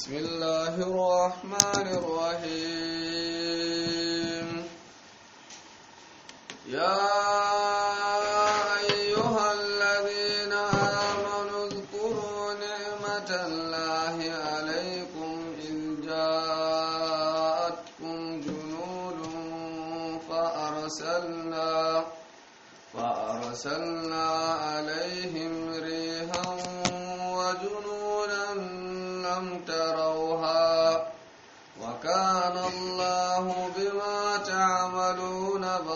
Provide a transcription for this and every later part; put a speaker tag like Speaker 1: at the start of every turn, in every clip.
Speaker 1: بسم الله الرحمن الرحيم يا أيها الذين آمنوا اذكروا نعمة الله عليكم إذ جاءتكم جنود فأرسلنا فأرسلنا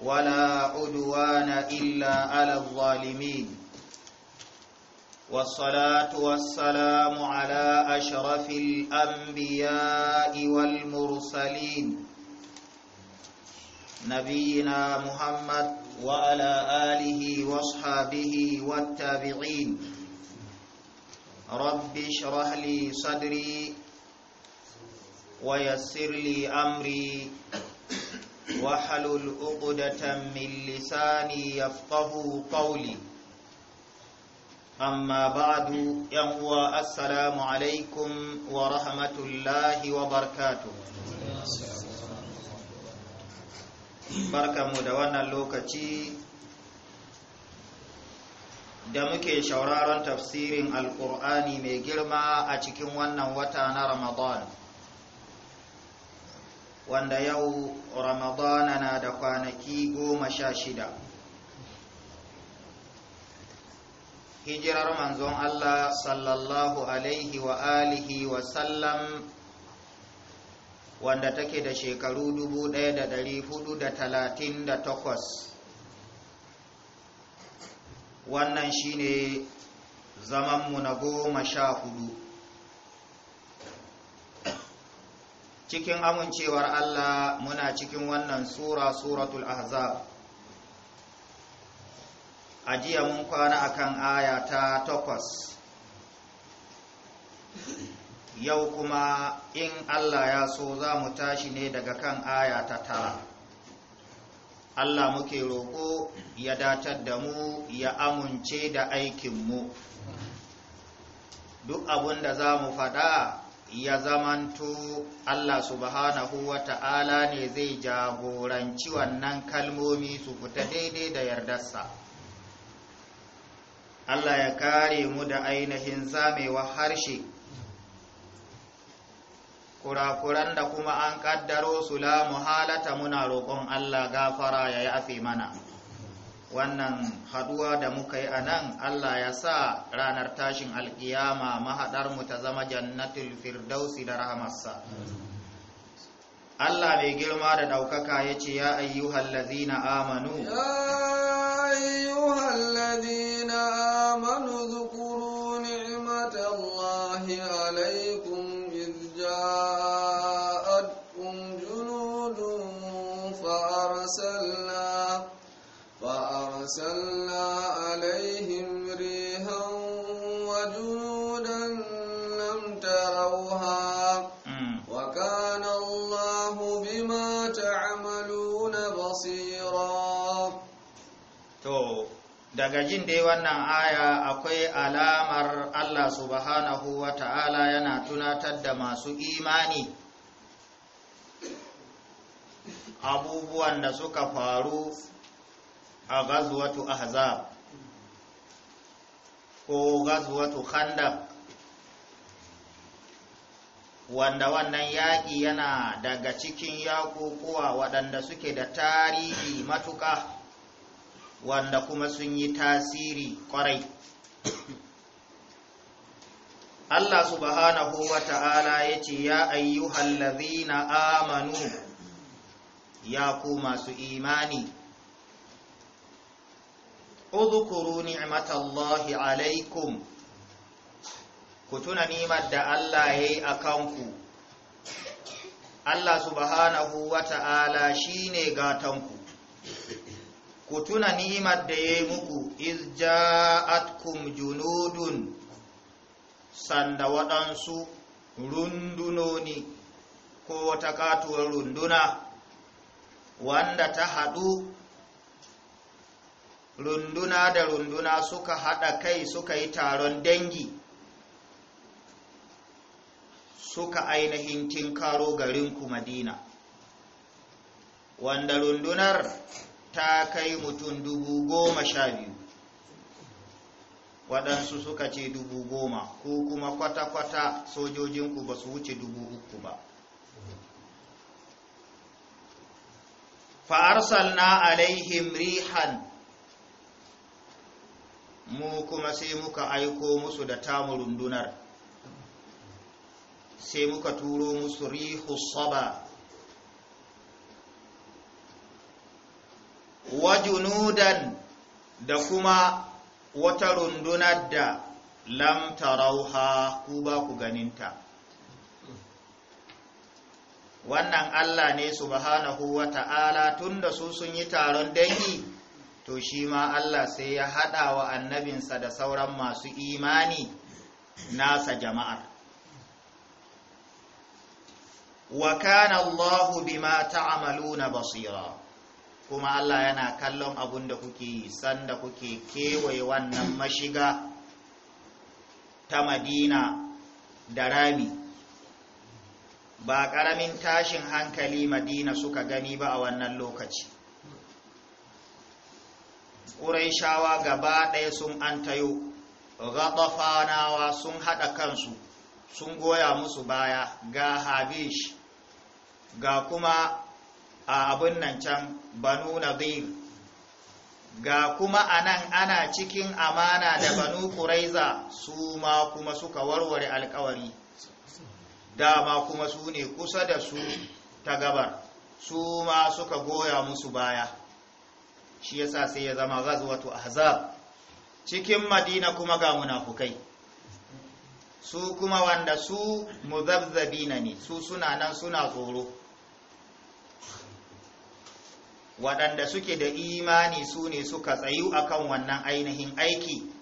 Speaker 2: ولا عدوان إلا على الظالمين والصلاة والسلام على أشرف الأنبياء والمرسلين نبينا محمد وعلى آله واصحابه والتابعين رب اشرح لي صدري ويسر لي أمري واحلل عقدة من لساني يفقه قولي أما بعد ينوى السلام عليكم ورحمة الله وبركاته mu da wannan lokaci da muke shauraron tafsirin alkur'ani mai girma a cikin wannan wata na ramadan wanda yau ramadana na da kwanaki goma sha shida hijirar manzon Allah sallallahu alaihi wa alihi wa sallam wanda take da shekaru takwas. wannan shine zamanmu na goma sha hudu cikin amincewar Allah muna cikin wannan sura suratul ahzab a jiya mun kwana akan aya ta takwas yau kuma in Allah ya so za mu tashi ne daga kan aya ta 9 Allah muke roƙo ya datar da mu ya amince da aikinmu duk abin da za mu faɗa ya zamanto Allah subhanahu wa ta'ala ne zai jagoranci wannan kalmomi su fita daidai da yardarsa. Allah ya kare mu da ainihin zamewa harshe, kurakuran da kuma an ƙaddaro su la muhalata muna roƙon Allah gafara ya yi mana. wannan haduwa da muka yi a nan Allah ya sa ranar tashin alkiyama mahaɗarmu ta zama jannatul firdausi da rahamarsa Allah mai girma da ɗaukaka ya ce ya ayyuhal ladina amanu ya
Speaker 1: ayyuhal amanu zukuru ni'matallahi alaikum izja'atkum junudun fa arsalna fa أرسلنا عليهم ريحا وجنودا لم تروها وكان الله بما تعملون بصيرا
Speaker 2: تو daga jin dai wannan aya akwai alamar Allah subhanahu wa ta'ala yana tunatar da masu imani abubuwan da suka faru a gazuwatu ahzab ko gazuwatu khandaq wanda wannan yaƙi yana daga cikin yaƙuƙuwa waɗanda suke da tarihi matuƙa wanda kuma sun yi tasiri ƙwarai Allah subhanahu wa ta'ala ya ce ya ayyuhallazina amanu ya ku masu imani udhkuru ni'matallahi alaikum ku tuna da Allah yayi akanku Allah subhanahu wata'ala shine gatanku ku tuna nimar da yayi muku iz junudun sanda waɗansu rundunoni ko wata katuwar runduna wanda ta haɗu runduna da runduna suka haɗa kai suka yi taron dangi suka ainihin tinkaro garinku madina wanda rundunar ta kai mutum dubu goma sha biyu waɗansu suka ce dubu goma ko kuma kwata-kwata sojojinku ba su wuce dubu uku ba fa'arsal na alaihim rihan mu kuma sai muka aiko musu da tamu rundunar sai muka turo musu rihu saba wa da kuma wata rundunar da lam tarauha ku ba ku ganinta wannan Allah ne subhanahu wa ta'ala tunda su sun yi taron dangi to shi ma Allah sai ya haɗa wa annabinsa da sauran masu imani nasa jama'ar wa kana Allahu bima ta'amaluna basira kuma Allah yana kallon abun da kuke yi da kuke kewaye wannan mashiga ta Madina da rami ba ƙaramin tashin hankali Madina suka gani ba a wannan lokaci ƙuraishawa gaba ɗaya sun an tayo ratafanawa sun haɗa kansu sun goya musu baya ga habish ga kuma a abin nan can banu nadir ga kuma a nan ana cikin amana da banu ƙuraiza su ma kuma suka warware alkawari dama kuma su ne kusa da su ta gabar su ma suka goya musu baya shi yasa sai ya zama ghazwatu ahzab cikin madina kuma ga munafukai su kuma wanda su muzabzabina ne su suna nan suna tsoro waɗanda suke da imani su ne suka tsayu akan wannan ainihin aiki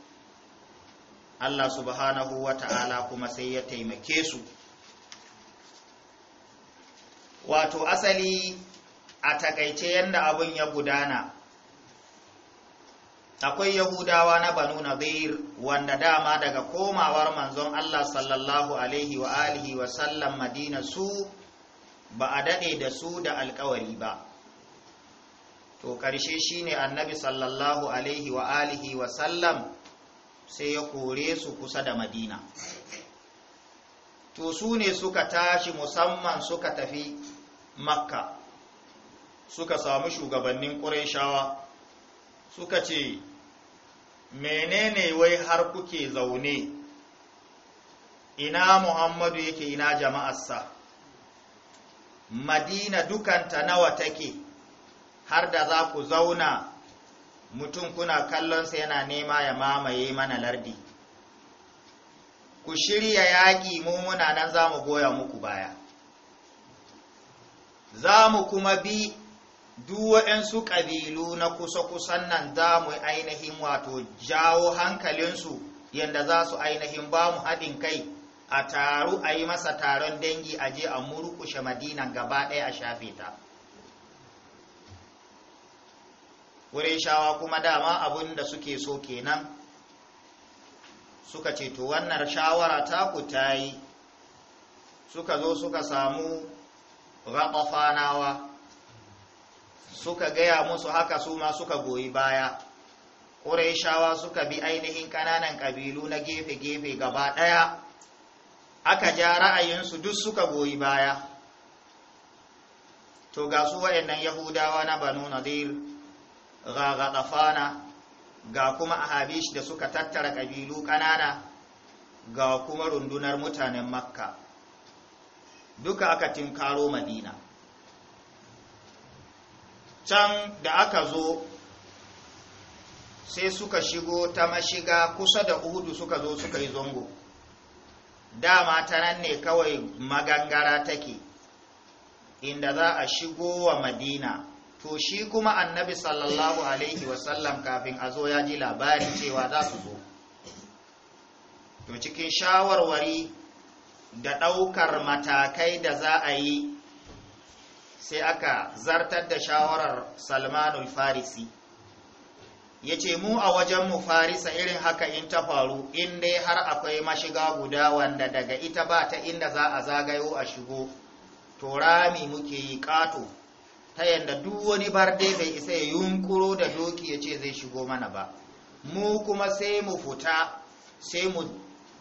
Speaker 2: Allah subhanahu wa ta'ala kuma sai ya taimake su wato asali a takaice yadda abun ya gudana akwai yahudawa na banu nadir wanda dama daga komawar manzon allah sallallahu alaihi wa alihi wa sallam madina su ba a daɗe da su da alkawari ba to ƙarshe shine annabi sallallahu alaihi wa alihi wa sallam sai ya kore su kusa da madina to su ne suka tashi musamman suka tafi makka suka samu shugabannin ƙurashawa suka ce menene wai har kuke zaune ina muhammadu yake ina jama'arsa madina dukanta nawa take har da za ku zauna mutum kuna kallonsa yana nema ya mamaye mana lardi ku shirya yaƙi mu muna nan za mu goya muku baya za mu kuma bi duk waɗansu ƙabilu na kusa-kusan nan za mu ainihin wato jawo hankalinsu yadda za su ainihin ba mu haɗin kai a taru a yi masa taron dangi a je a murkushe madinan gaba ɗaya a shafe ta wurin shawa kuma dama abin da suke so kenan suka ce to wannan shawara ta ku ta yi suka zo suka samu raɓafanawa suka gaya musu haka su ma suka goyi baya ƙuraishawa suka bi ainihin ƙananan ƙabilu na gefe-gefe gaba ɗaya aka ja ra'ayinsu duk suka goyi baya to ga su waɗannan yahudawa na banu nadir ga gaɗafana ga kuma ahabish da suka tattara ƙabilu ƙanana ga kuma rundunar mutanen makka duka aka tinkaro madina can da aka zo sai suka shigo ta mashiga kusa da uhudu suka zo suka yi zongo dama ta nan ne kawai magangara take inda za a shigo wa madina to shi kuma annabi sallallahu alaihi wasallam kafin a zo ya ji labari cewa za su zo to cikin shawarwari da ɗaukar matakai da za a yi sai aka zartar da shawarar Salmanu farisi ya ce mu a wajenmu farisa irin haka in ta faru in dai har akwai mashiga guda wanda daga ita ba ta inda za a zagayo a shigo to rami muke yi ƙato ta yadda duk wani barde bai isa ya yunkuro da doki ya ce zai shigo mana ba mu kuma sai mu fita sai mu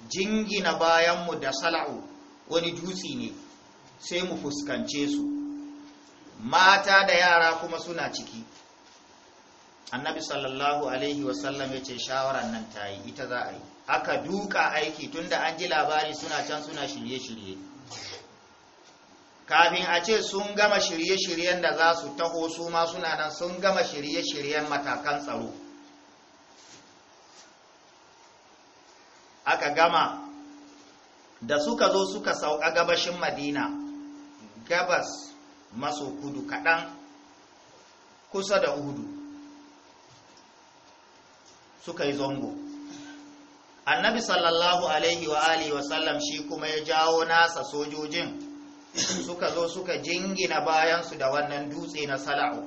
Speaker 2: jingina bayanmu da sala'u wani dutse ne sai mu fuskance su mata da yara kuma suna ciki annabi sallallahu alaihi wasallam ya ce shawarar nan ta yi ita za a yi aka duka aiki tunda an ji labari suna can suna shirye-shirye kafin a ce sun gama shirye-shiryen da za su taho su ma suna nan sun gama shirye-shiryen matakan tsaro aka gama da suka zo suka sauka gabashin madina gabas maso kudu kaɗan kusa da uhudu suka yi zango annabi sallallahu alaihi wa alihi wasallam shi kuma ya jawo nasa sojojin suka zo suka jingina bayansu da wannan dutse na sala'u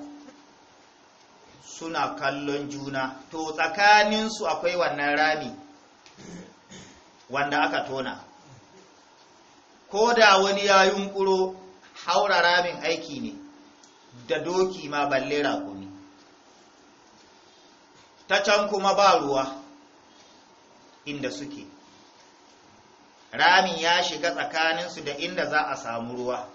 Speaker 2: suna kallon juna to tsakaninsu akwai wannan rami wanda aka tona ko da wani ya yunkuro haura ramin aiki ne da doki ma balle raƙumi ta can kuma ba ruwa inda suke ramin ya shiga tsakaninsu da inda za a samu ruwa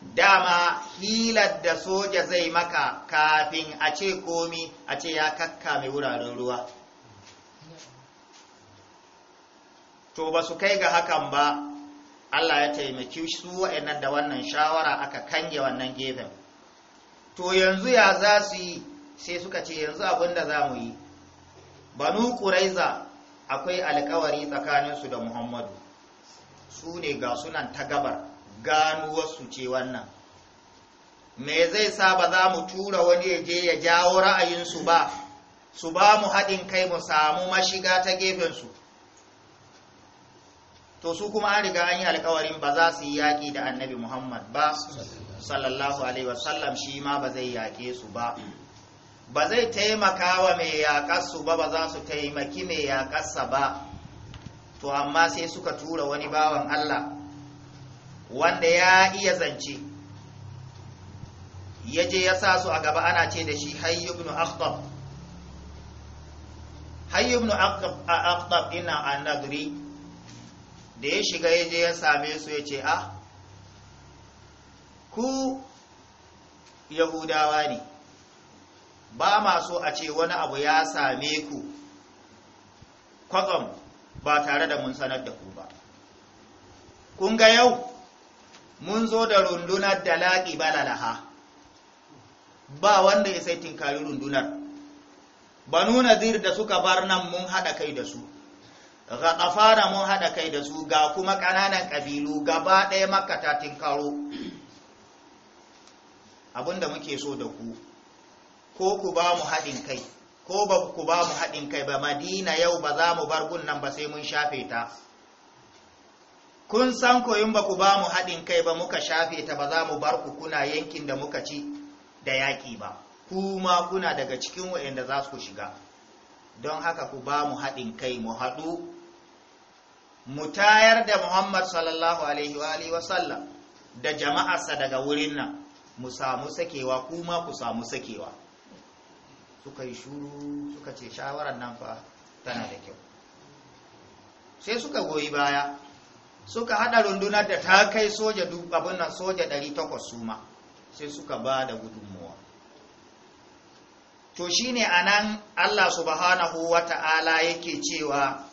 Speaker 2: dama hilar da soja zai maka kafin a ce komi a ce ya kakka mai wuraren ruwa to ba su kai ga hakan ba Allah ya taimaki su wa'annan da wannan shawara aka kange wannan gefen to yanzu ya za su yi sai suka ce yanzu abin da za mu yi banu ƙuraiza akwai alkawari tsakaninsu da muhammadu su ne ga sunan ta gabar ganuwarsu ce wannan me zai sa ba za mu tura wani ya je ya jawo ra'ayinsu ba su ba mu haɗin kai mu samu mashiga ta gefensu to su kuma an riga an yi alkawarin ba za su yi yaƙi da annabi muhammad ba sallallahu alaihi wasallam shi ma ba zai yaƙe su ba ba zai taimaka wa mai yaƙarsu ba ba za su taimaki mai yaƙarsa ba to amma sai suka tura wani bawan allah wanda ya iya zance ya je ya sa su a gaba ana ce da shi hayyubnu akhtab hayyubnu akhtab ina annadri da ya shiga ya je ya same su ya ce ah ku yahudawa ne ba ma so a ce wani abu ya same ku kwatsam ba tare da mun sanar da ku ba kun ga yau mun zo da rundunar da laƙi balalaha ba wanda ya sai tinkari rundunar Ba nuna nazir da suka bar nan mun haɗa kai da su ghaɗafana mun haɗa kai da su ga kuma ƙananan ƙabilu gaba ɗaya makka ta abinda muke so da ku ko ku ba mu haɗin kai ko ba ku ba mu haɗin kai ba madina yau ba za mu bar gunnan ba sai mun shafe ta kun san koyin ba ku ba mu haɗin kai ba muka shafe ta ba za mu bar ku kuna yankin da muka ci da yaƙi ba kuma kuna daga cikin wayanda za su shiga don haka ku ba mu haɗin kai mu haɗu mu tayar da Muhammad sallallahu alaihi wa alihi wasallam da jama'arsa daga wurin nan mu samu sakewa kuma ku samu sakewa suka yi shuru suka ce shawarar nan fa tana da kyau sai suka goyi baya suka hada rundunar da ta kai soja abin nan soja 800 suma sai suka ba da gudunmuwa to shine anan Allah subhanahu wata'ala yake cewa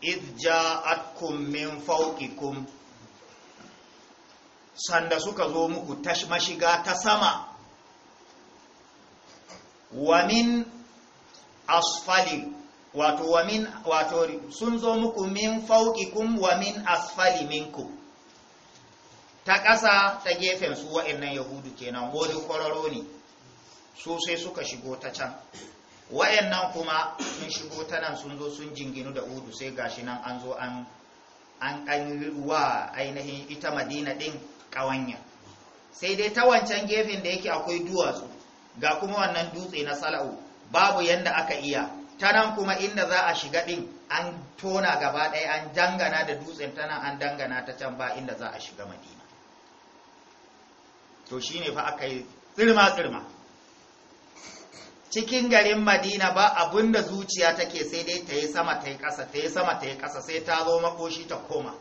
Speaker 2: idh ja'atkum min fawqikum sanda suka zo muku mashiga ta sama wa asfali wato wa wato sun zo muku min fawqikum wa min asfali minkum ta ƙasa ta gefen su wa'annan yahudu kenan wodi kwararo ne su sai suka shigo ta can nan kuma sun shigo ta nan sun zo sun jinginu da udu sai gashi nan an zo an an wa ainihin ita madina din kawanya sai dai ta wancan gefen da yake akwai duwatsu ga kuma wannan dutse na sala'u babu yadda aka iya ta nan kuma inda za a shiga din an tona gaba ɗaya an dangana da dutsen ta nan an dangana ta can ba inda za a shiga madina to shine fa aka yi tsirma tsirma cikin garin madina ba abun da zuciya take sai dai ta yi sama ta yi ƙasa ta yi sama ta yi ƙasa sai ta zo makoshi ta koma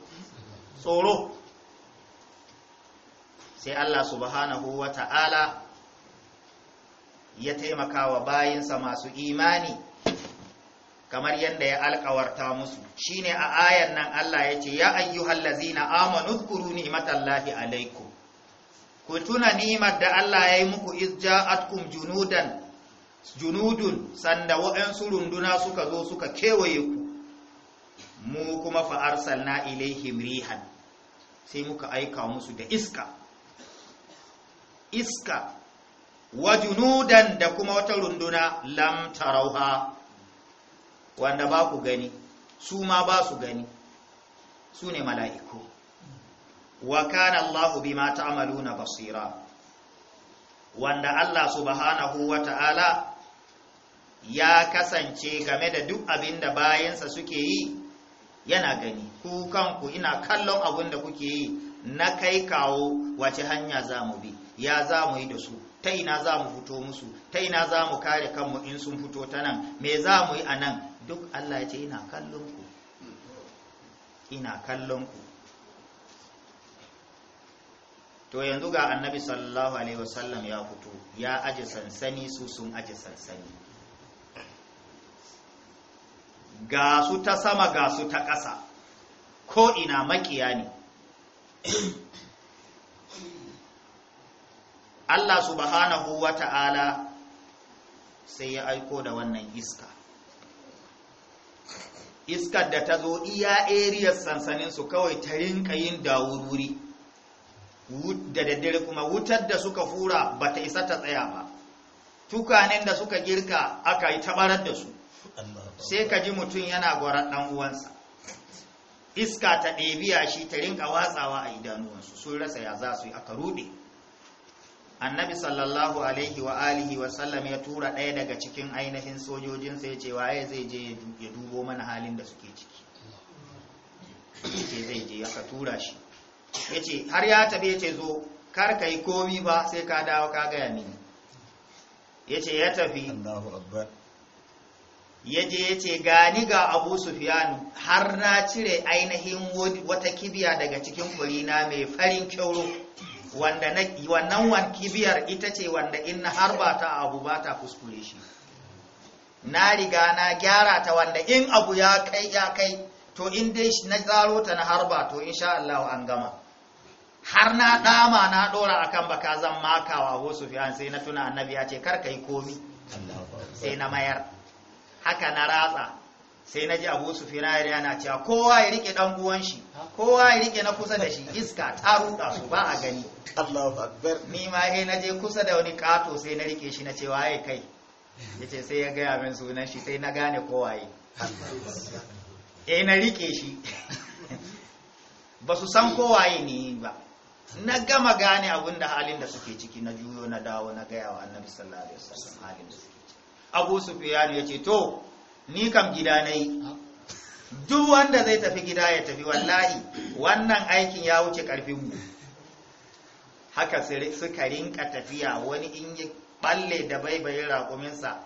Speaker 2: tsoro sai allah subhanahu wa ta'ala ya taimaka wa bayinsa masu imani kamar yadda ya alkawarta musu shine a ayan nan allah ya ce ya ayyuhallazina amanu Kuruni, ni'matallahi alaikum ku tuna nimar da allah ya yi muku iz ja'atkum junudan junudun sanda waɗansu runduna suka zo suka kewaye ku mu kuma Fa'ar, na ilaihim rihan sai muka aika musu da iska iska wa junudan da kuma wata runduna lamtarauha wanda ba ku gani su ma ba su gani su ne mala'iku wa kana Allahu amalu na basira wanda Allah subhanahu wa ta'ala ya kasance game da duk abin da bayansa suke yi yana gani ku kanku ina kallon abin da kuke yi na kai kawo wace hanya za mu bi ya za mu yi da su ta ina za mu fito musu ta ina za mu kare kanmu in sun fito ta nan me za mu yi a nan duk allah ya ce ina kallon ku ina kallon ku to yanzu ga annabi sallallahu alaihi wasallam ya fito ya aje sansani su sun aje sansani ga su ta sama ga su ta ƙasa ko ina makiya ne Allah subhanahu wa ta'ala sai ya aiko da wannan iska iskar da ta zo iya ariyar su kawai ta rinka yin dawururi da daddare kuma wutar da suka fura ba ta isa ta tsaya ba tukanen da suka girka aka yi tabarar da su sai ka ji mutum yana gwarar ɗan uwansa iska ta ɗebiya shi ta rinka watsawa a idanuwansu sun rasa ya za su yi aka ruɗe annabi sallallahu alaihi wa alihi wa sallam ya tura ɗaya daga cikin ainihin sojojinsa ya ce waye zai je ya dubo mana halin da suke ciki ce zai je ya ka tura shi ya ce har ya tabe ya ce zo kar ka yi komi ba sai ka dawo ka gaya mini ya ce ya tafi ya je ya ce gani ga abu sufiyan har na cire ainihin wata kibiya daga cikin kurina mai farin kyauro wannan wani kibiyar ita ce wanda in na harba ta abu ba ta kuskure shi na riga na gyara ta wanda in abu ya kai ya kai to in dai shi na tsaro ta na harba to in sha Allah an gama har na dama na dora akan baka zan makawa abu sufiyan sai na tuna annabi ya ce kar kai komi sai na mayar haka na ratsa sai na ji abu su fina yana cewa kowa ya rike dan buwan shi kowa ya rike na kusa da shi iska ta ruɗa su ba a gani ni ma eh na je kusa da wani ƙato sai na rike shi na cewa ya kai ce sai ya gaya min sunan shi sai na gane ya yi eh, na rike shi ba su san kowaye ni ba na gama gane abin da halin da suke ciki na juyo na dawo na gaya wa annabi sallallahu alaihi halin su abu sufyan ya ce to ni kam gida na yi duk wanda zai tafi gida ya tafi wallahi wannan aikin ya wuce karfinmu haka suka rinka tafiya wani in yi balle da baibayin raƙuminsa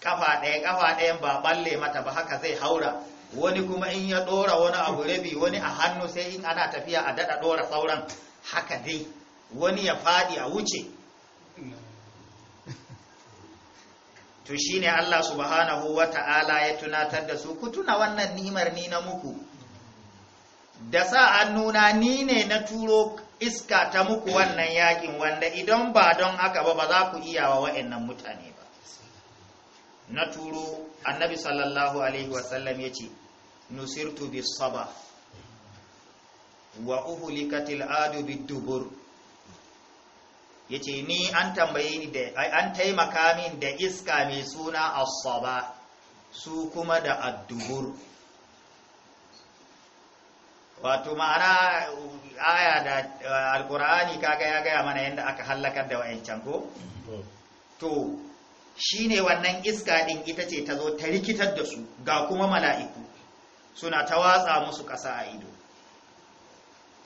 Speaker 2: kafa ɗaya ƙafa ɗayan ba balle mata ba haka zai haura wani kuma in ya ɗora wani abu rabi wani a hannu sai in ana tafiya a daɗa ɗora sauran haka dai wani ya faɗi a wuce to shine Allah subhanahu wa ta'ala ya tunatar da su ku tuna wannan nimar ni na muku da sa nuna ni ne na turo iska ta muku wannan yakin wanda idan ba don haka ba ba za ku iya wa wa'annan mutane ba na turo annabi sallallahu alaihi wasallam ya ce nusirtu bisaba saba wa uhulikatil adu bi dubur yace ni an tambaye ni da an taimaka min da iska mai suna Asaba su kuma da ad wato ma'ana aya da eh, alkur'ani kaga ya gaya mana yadda aka hallakar da wa'ancan ko to shine wannan iska din ita ce ta zo ta rikitar da su ga kuma mala'iku suna ta watsa musu ƙasa a ido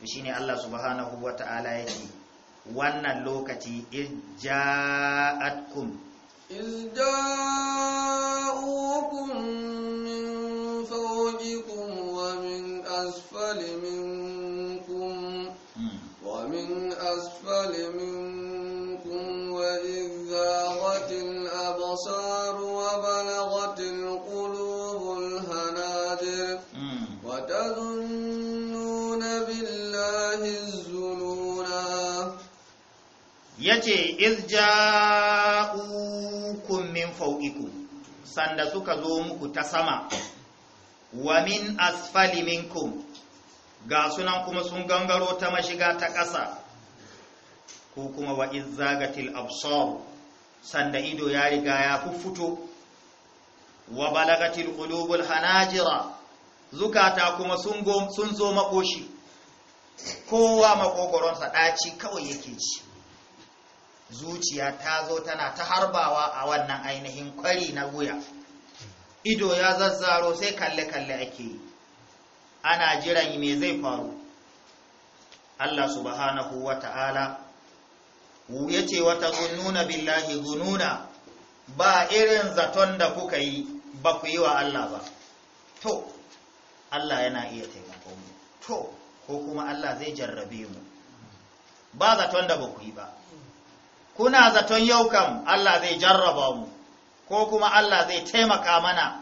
Speaker 2: to shine Allah subhanahu wata'ala yake wannan lokaci irja'atkum
Speaker 1: irja'ukum min fawqikum wa min asfali minkum hmm. wa min asfali minkum wa idh zaghatil absar
Speaker 2: yace izja'ukum min fawqikum sanda suka zo muku ta sama wa min asfali minkum ga sunan kuma sun gangaro ta mashiga ta ƙasa ko kuma wa izzagatil absar sanda ido ya riga ya fuffuto wa balagatil qulubul hanajira zukata kuma sun zo makoshi kowa makogoronsa ɗaci kawai yake ci zuciya ta zo tana ta harbawa a wannan ainihin kwari na wuya ido ya zazzaro sai kalle-kalle ake yi ana jiran me zai faru Allah subhanahu wa ta'ala ya ce wata zununa billahi gununa, ba irin zaton da kuka yi ba ku yi wa Allah ba to Allah yana iya taimako mu to ko kuma Allah zai jarrabe mu ba zaton da ba ku yi ba kuna zaton yau kam Allah zai jarraba mu ko kuma Allah zai taimaka mana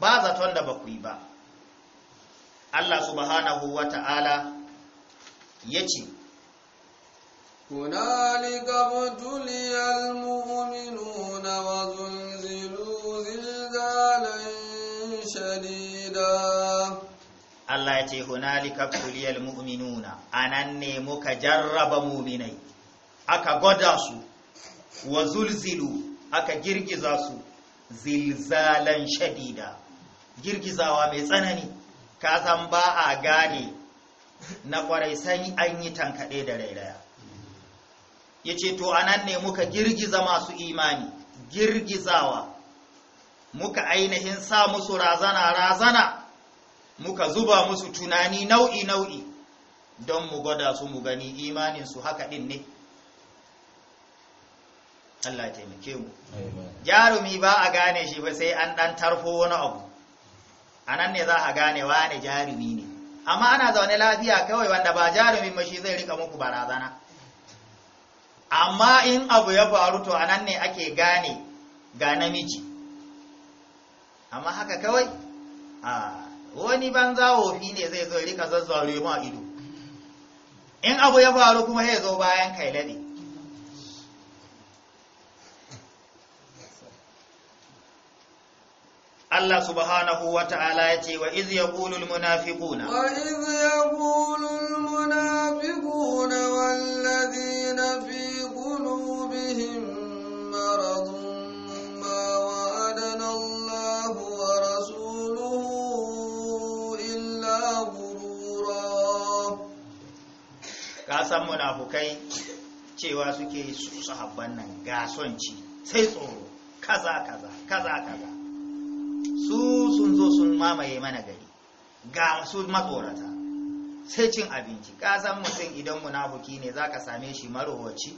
Speaker 2: ba zaton da ba ba Allah subhanahu wa ta'ala ya ce
Speaker 1: هنالك ابتلي المؤمنون وزلزلوا زلزالا
Speaker 2: Allah ya ce hunalika ابتلي المؤمنون anan ne muka jarraba mu'minai aka gwada su wa zulzilu aka girgiza su zilzalan shadida girgizawa mai tsanani ka san ba a gane na kwarai sai an yi tankaɗe da rairaya ya ce to a nan ne muka girgiza masu imani girgizawa muka ainihin sa musu razana razana muka zuba musu tunani nau'i nau'i don mu gwada su mu gani imaninsu haka ɗin ne Allah ya taimake mu jarumi ba a gane shi ba sai an dan tarfo wani abu anan ne za a gane wane jarumi ne amma ana zaune lafiya kawai wanda ba jarumi ba shi zai rika muku barazana amma in abu ya faru to anan ne ake gane ga namiji amma haka kawai a wani banza wofi ne zai zo rika zazzare ma ido in abu ya faru kuma ya zo bayan kai lade Allah subhanahu wa ta'ala ya ce wa iz al munafiquna wa
Speaker 1: iz al munafiquna wal ladina fi qulubihim maradun ma wa'adana Allah wa rasuluhu illa
Speaker 2: ghurura ka san munafukai cewa suke su sahabban nan ga sai tsoro kaza kaza kaza kaza su sun zo sun mamaye mana gari ga su matsorata sai cin abinci kasan mutum idan munafuki ne za ka same shi marowaci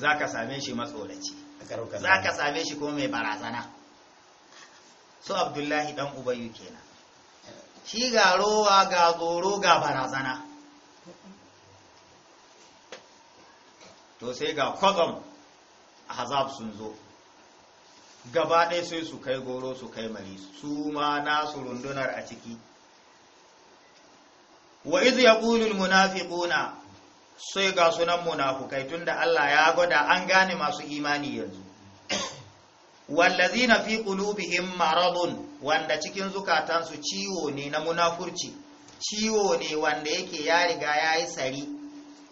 Speaker 2: za ka same shi matsoraci za ka same shi kuma mai barazana su abdullahi dan ubayu kenan shi ga rowa ga tsoro ga barazana to sai ga kwatsam hazab sun zo gaba ɗaya sai su kai goro su kai mari su ma nasu rundunar a ciki wa iz yaqulul munafiquna sai ga sunan munafukai tunda Allah ya gwada an gane masu imani yanzu wallazina fi qulubihim maradun wanda cikin zukatansu ciwo ne na munafurci ciwo ne wanda yake ya riga ya yayi sari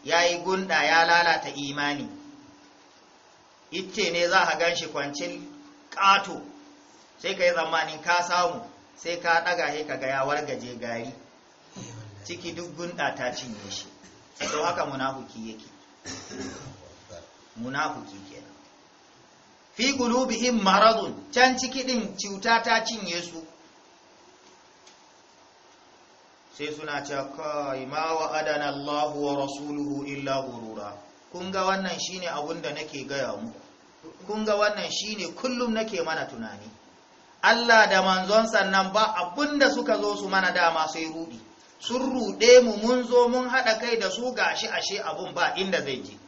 Speaker 2: yi gunda ya lalata imani ice ne za a ganshi kwancin ƙato sai ka yi zamanin ka samu sai ka ɗaga shi ka gaya wargaje gari ciki duk gunda ta cinye shi to haka munafuki yake munafuki kenan fi gulubihim maradun can ciki din cuta ta cinye su sai suna cewa kai ma wa adana Allahu wa rasuluhu illa gurura kun ga wannan shine abun nake gaya muku Kunga wannan shine kullum nake mana tunani Allah da manzon sannan ba abinda suka zo su mana dama sai rudi sun rude mu mun zo mun haɗa kai da su gashi ashe abun ba inda zai je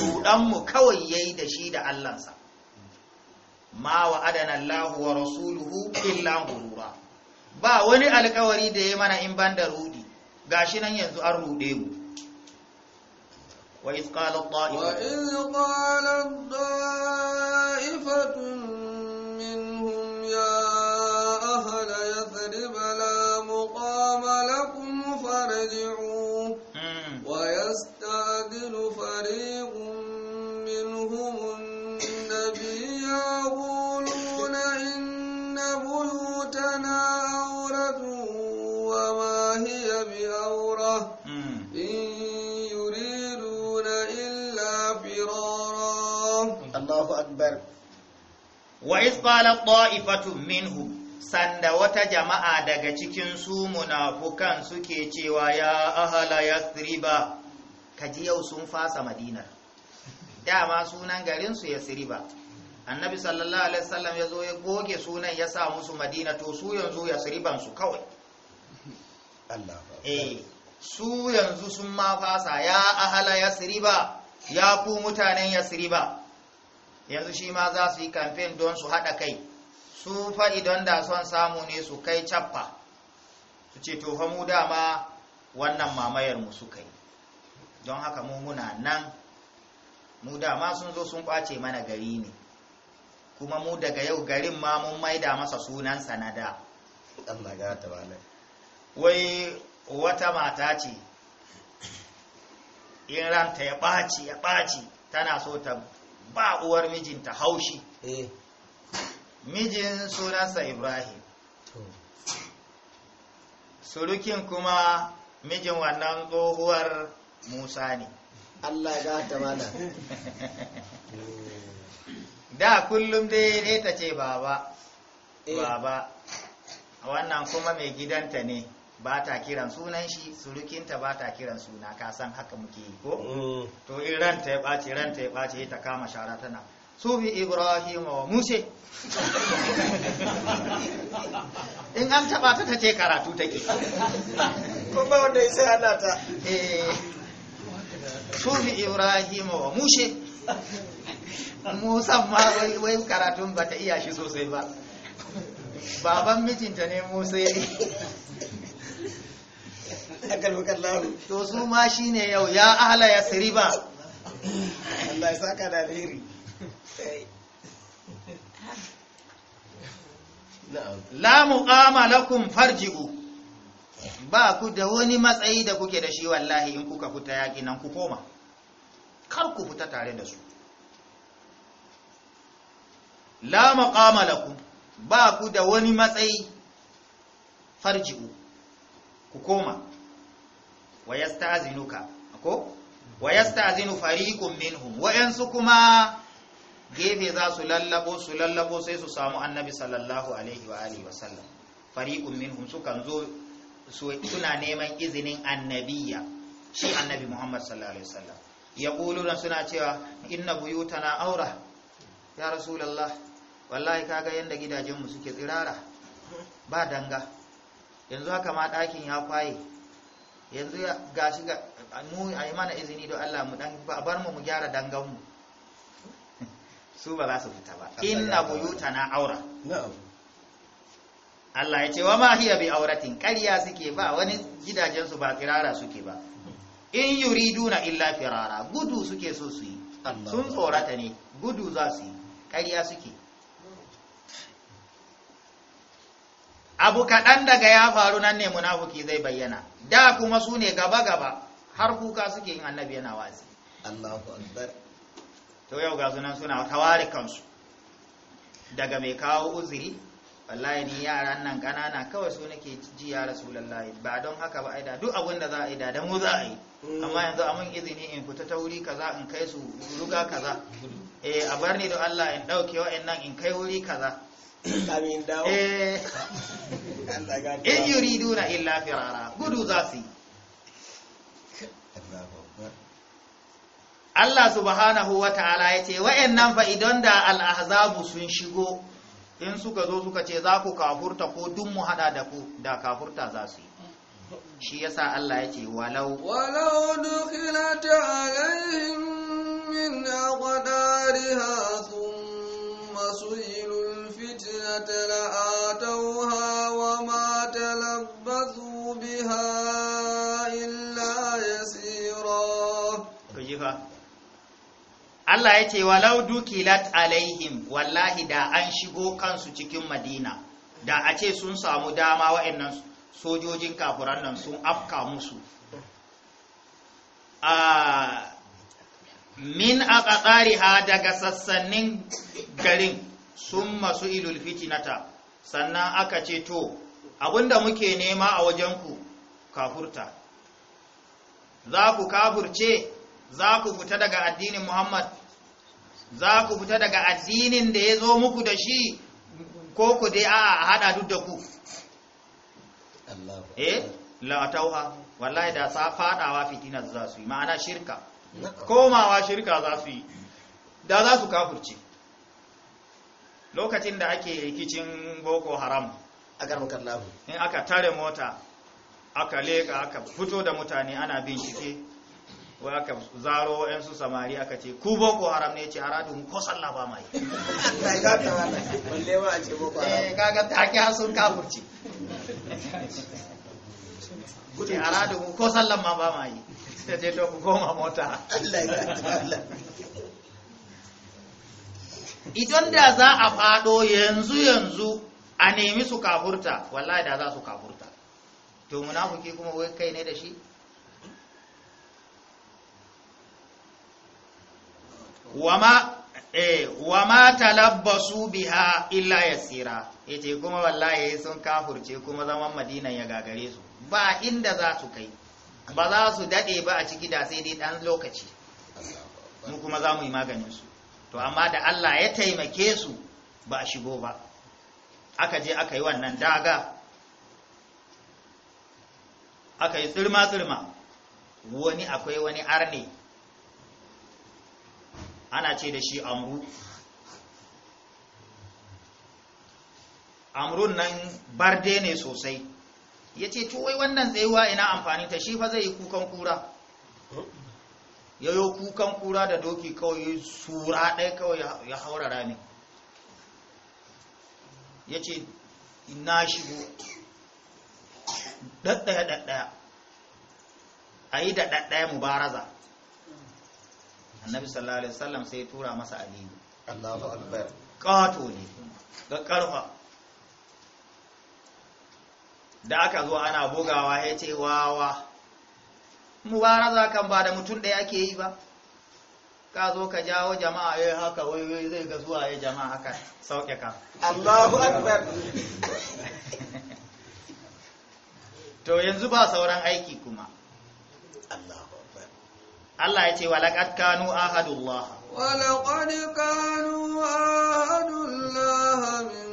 Speaker 2: rudan mu kawai yayi da shi da Allahnsa ma wa adana Allah wa rasuluhu illa gurura ba wani alkawari da ya mana in ban da rudi gashi nan yanzu an rude mu وإذ قال الطائفة وإذ
Speaker 1: قال الطائفة
Speaker 2: akbar wa isqala ta'ifatu minhu sanda wata jama'a daga cikin su munafukan suke cewa ya ahala yathriba kaji yau sun fasa madina dama sunan garin su yathriba annabi sallallahu alaihi wasallam ya zo ya goge sunan ya sa musu madina to su yanzu yathriban su kawai Allah eh su yanzu sun ma fasa ya ahala yathriba ya ku mutanen yathriba yanzu shi ma za su yi kamfen don su haɗa kai su fa idan da son samu ne su kai cappa su ce to fa mu dama wannan mamayar mu suka yi don haka mu muna nan mu dama sun zo sun kwace mana gari ne kuma mu daga yau garin ma mun maida masa sunan sanada Allah wai wata mata ce in ranta ya ɓaci ya ɓaci tana so ta ba uwar mijinta haushi eh. mijin sunansa ibrahim surukin kuma mijin wannan tsohuwar musa ne allah ga ta da kullum dai ne ta ce baba eh. baba wannan kuma mai gidanta ne ba ta kiran sunan shi surukinta ba ta kiran suna ka san haka muke yi ko mm. to in ta ya ɓace ta ya ɓace ta kama shara tana su bi ibrahim wa muse in an taɓa ta ta ce karatu take ko ba wanda sai ta eh. su bi ibrahim wa muse musan ma wai karatun ba ta iya shi sosai ba baban mijinta ne musa ya to su ma ne yau ya ahala ya ba. Allah ya saka da alheri
Speaker 3: la muqama
Speaker 2: lakum farji'u ba ku da wani matsayi da kuke da shi wallahi in kuka fita yaƙi nan ku koma kar ku fita tare da su la muqama kun, ba ku da wani matsayi farji'u ku koma wa yasta'zinuka ko fariqun minhum wa yansu kuma gefe za su lallabo su lallabo sai su samu annabi sallallahu alaihi wa alihi wasallam fariqun minhum sukan zo suna neman izinin annabiya shi annabi muhammad sallallahu alaihi wasallam yaquluna suna cewa inna buyutana aura ya rasulullah wallahi kaga yanda gidajenmu suke tsirara ba danga yanzu haka ma ɗakin ya kwaye yanzu ya gashi ga mu a yi mana izini don Allah mu dan bar mu mu gyara dangan mu su ba za su fita ba inna buyutana aura Allah ya ce wa ma hiya bi auratin Karya suke ba wani gidajen su ba kirara suke ba in yuriduna illa firara gudu suke so su yi sun tsorata ne gudu za su yi ƙarya suke abu kaɗan daga ya faru nan ne munafuki zai bayyana da kuma su ne gaba gaba har kuka suke yin annabi yana wazi Allahu akbar to yau ga sunan suna kaware kansu daga mai kawo uzuri wallahi ni yaran nan kanana kawai su nake ji ya rasulullahi ba don haka ba aida duk abin da za a yi da mu za a yi mm. amma yanzu amin izini in fita ta wuri kaza in kai su ruga kaza eh a bar ni don Allah in dauke wa'annan in kai wuri kaza kamin eh. illa firara gudu za su Allah subhanahu wa ta'ala ya ce, Wa'yan fa idan da al'azabu sun shigo, in suka zo suka ce za ku kafurta ko dun mu haɗa da ku da kafurta za su yi. Shi ya sa Allah ya ce, Walau,
Speaker 1: Walau dukila ta alaihim min sun masu su'ilu الفتنة لآتوها وما تلبثوا بها إلا
Speaker 2: يسيرا Allah ya ce lau dukilat alaihim wallahi da an shigo kansu cikin Madina da a ce sun samu dama wa'annan sojojin kafuran nan sun afka musu a min a daga sassanin garin sun masu ilul fitinata sannan aka ce to abinda muke nema a wajenku kafurta za ku kafurce za ku fita daga addinin muhammad za ku fita daga addinin da ya zo muku da shi ko ku dai a hada duk da ku eh la'atauha wallahi da sa fadawa fitina za su yi ma'ana shirka komawa shirka za su yi da za su kafurce lokacin da ake rikicin boko haram aka in aka tare mota aka leka aka fito da mutane ana bincike wai aka zaro yan su samari aka ce ku boko haram ne ce haradun ko sallah ba mai a ce boko haram eh, ko sallah ma ba mai sai ce to ku koma mota idan da za a faɗo yanzu yanzu a nemi su kafurta wallahi da za su kafurta to munafiki kuma wai kai ne da shi wama eh wama talabbasu biha illa yasira yace kuma wallahi sun kafurce kuma zaman madina ya gagare su ba inda za su kai ba za su daɗe ba a ciki da sai dai ɗan lokaci mu kuma za mu yi maganin su to amma da Allah ya taimake su ba a shigo ba aka je aka yi wannan daga aka yi tsirma-tsirma wani akwai wani arne ana ce da shi amru amrun nan barde ne sosai ya ce wai wannan tsayuwa ina amfani ta shi fa zai yi kukan kura ya yi kukan kura da doki kawai sura ɗaya kawai ya haura rami ya ce ina shigo ɗaɗɗaya ɗaɗɗaya a yi da ɗaɗɗaya mubaraza annabi sallallahu alaihi wasallam sai tura masa aliyu Allahu akbar kato ne ga karfa da aka zo ana bugawa ya ce wawa mubaraza kan ba da mutum ɗaya ake yi ba ka zo ka jawo jama'a ya eh, haka wai zai ga zuwa ya jama'a haka sauke ka Allahu akbar to yanzu ba sauran aiki kuma Allah ya ce walaqad kanu ahadullah
Speaker 1: walaqad kanu ahadullah min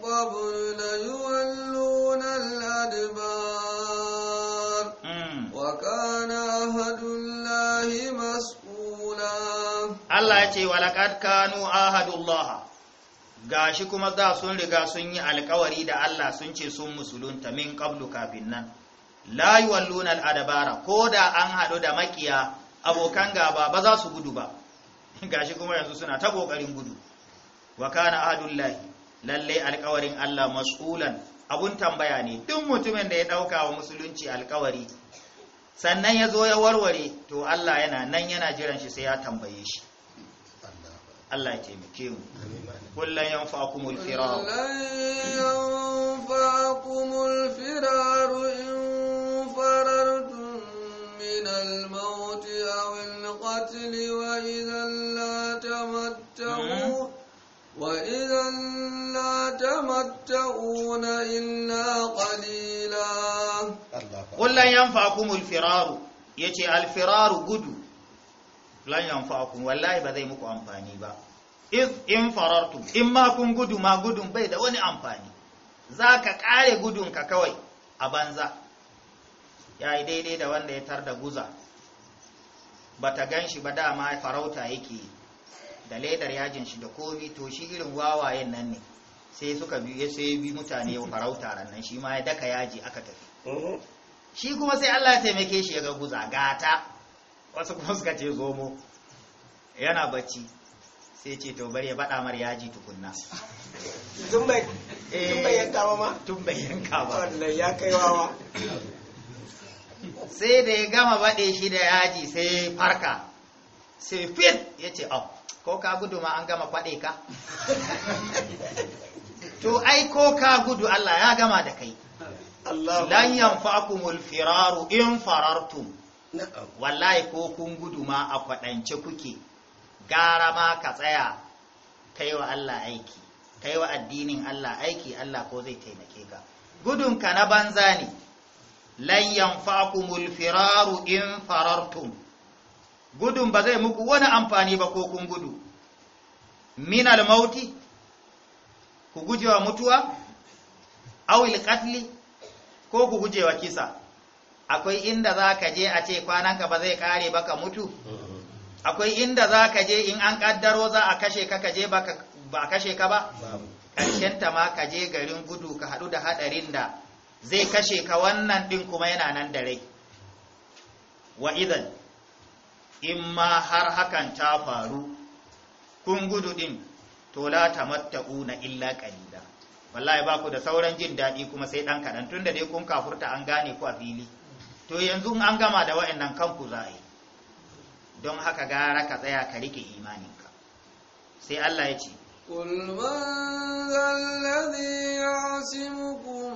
Speaker 1: qabl la yuwalluna al-adbar Allah ya ce walaƙad kanu
Speaker 2: ahadullah gashi kuma za sun riga sun yi alkawari da Allah sun ce sun musulunta min qablu kafin nan la yuwalluna dabara ko da an haɗu da makiya abokan gaba ba za su gudu ba gashi kuma yanzu suna ta ƙoƙarin gudu wa kana ahadullahi lalle alkawarin Allah mas'ulan abun tambaya ne duk mutumin da ya ɗauka wa musulunci alkawari sannan ya zo ya warware to Allah yana nan yana jiran shi sai ya tambaye shi Allah ya taimake mu kullun yanfa'ukumul firar
Speaker 1: yanfa'ukumul firar in farartum firaru, al-maut aw al la hmm?
Speaker 2: la illa yace al gudu lan yanfa'akum wallahi ba zai muku amfani ba iz in farartu in ma kun gudu ma gudun bai da wani amfani zaka kare gudun ka kawai a banza yayi daidai da wanda ya tar da guza bata ganshi ba dama farauta yake da ledar yajin shi da komi to shi irin wawayen nan ne sai suka biyu sai bi mutane ya farauta rannan shi ma ya daka yaji aka tafi mm-hmm. shi kuma sai Allah ya taimake shi ya ga guza gata wasu kuma suka ce zomo yana bacci sai ce to bari ya bada mar yaji tukunna tun bai eh, yanka ba ma tun bai yanka ba ya kai wawa sai da ya gama bade shi da yaji sai farka sai fit ya ce oh ko ka gudu ma an gama kwade ka to ai ko ka gudu Allah ya gama da kai lan yanfa'akumul firaru in farartum wallahi ko kun gudu ma a kwaɗance kuke gara ma ka tsaya kai wa Allah aiki kai wa addinin Allah aiki Allah ko zai taimake ka gudunka na banza ne lan yanfa'kumul firaru in farartum gudun ba zai muku wani amfani ba ko kun gudu minal mauti ku gujewa mutuwa awil qatli ko ku gujewa kisa akwai inda za ka je a ce kwananka ba zai kare ba ka mutu mm-hmm. akwai inda za ka je in an kaddaro za a kashe ka kaje ba a kashe ka ba ta ma ka je garin gudu ka haɗu da haɗarin da zai kashe ka wannan ɗin kuma yana nan da rai wa idan in ma har hakan ta faru kun gudu ɗin to la na illa qalila wallahi ba ku da sauran jin daɗi kuma sai ɗan kaɗan tunda dai kun kafurta an gane ku a fili to yanzu an gama da wa'annan kanku za yi don haka gara ka tsaya ka rike imaninka sai Allah ya ce قل من
Speaker 1: ذا الذي يعصمكم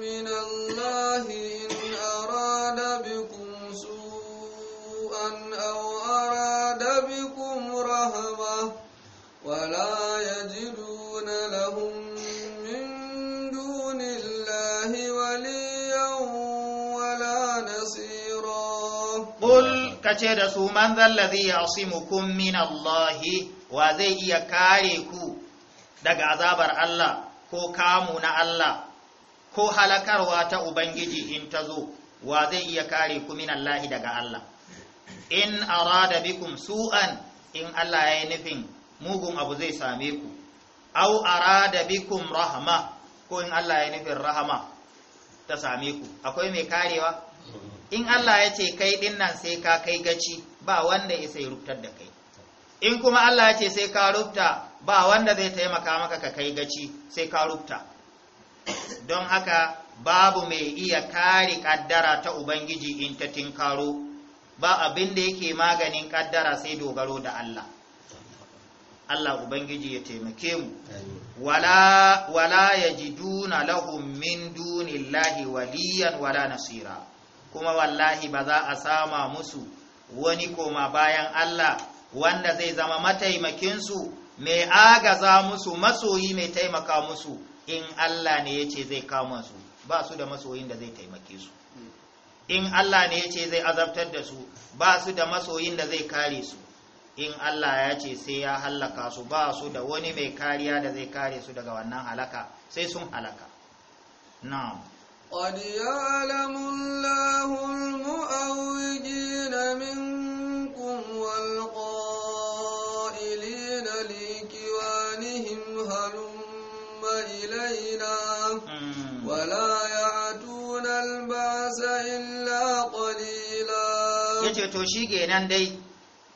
Speaker 1: من الله إن أراد بكم سوءا أو أراد بكم رهبة ولا يجدون
Speaker 2: ce da su man zallazi mukun min Allah wa zai iya kare ku daga azabar Allah ko kamu na Allah ko halakarwa ta ubangiji in ta zo wa zai iya kare ku min Allah daga Allah in arada bikum su'an in Allah ya yi nufin mugun abu zai same ku au arada bikum rahma ko in Allah ya yi nufin rahama ta same ku akwai mai karewa in Allah ya ce kai din nan sai ka kai gaci ba wanda ya sai rubtar da kai in kuma Allah ya ce sai ka rubta ba wanda zai taimaka maka ka kai gaci sai ka rubta don haka babu mai iya kare kaddara ta ubangiji in ta tinkaro ba abin da yake maganin kaddara sai dogaro da Allah Allah ubangiji ya taimake mu wala ya duna lahum min dunillahi waliyan wala nasira kuma wallahi ba za a sama musu wani koma bayan Allah wanda zai zama mataimakinsu mai agaza musu masoyi mai taimaka musu in Allah ne ya ce zai kama su ba su da masoyin da zai taimake su in Allah ne ya ce zai azabtar da su ba su da masoyin da zai kare su in Allah ya ce sai ya hallaka su ba su da wani mai kariya da zai kare su daga wannan halaka sai sun halaka na'am
Speaker 1: قد يعلم الله المؤوجين منكم والقائلين لكوانهم هلم إلينا ولا يعتون الباس
Speaker 2: إلا قليلا yace to shi kenan dai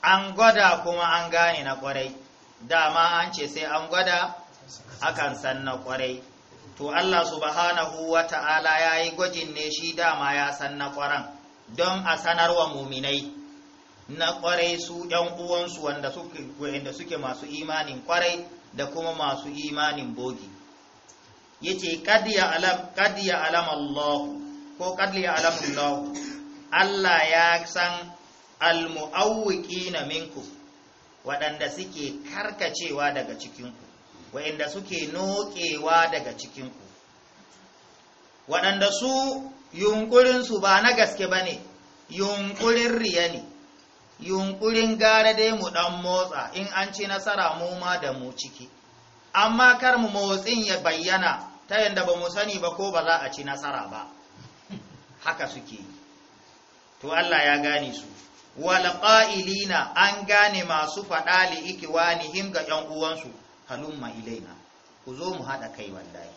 Speaker 2: an gwada kuma an gane na kwarai dama an ce sai an gwada akan san na kwarai to Allah subhanahu wa ta'ala ya yi gwajin ne shi dama ya san na ƙwaran don a sanarwa muminai na ƙwarai su ‘yan uwansu wanda suke masu imanin ƙwarai da kuma masu imanin bogi ya ce kad ya alam Allah ko kad ya alam Allah Allah ya san almu'awwiki na minku waɗanda suke karkacewa daga cikinku wa'inda suke noƙewa daga cikinku waɗanda su yunƙurinsu ba na gaske ba ne yunƙurin riya ne yunƙurin gara dai mu ɗan motsa in an ci nasara mu ma da mu ciki amma kar mu motsin ya bayyana ta yadda ba mu sani ba ko ba za a ci nasara ba haka suke to Allah ya gane su wal qa'ilina an gane masu faɗa li ikiwanihim ga ƴan uwansu halumma ilaina ku zo mu haɗa kai wallahi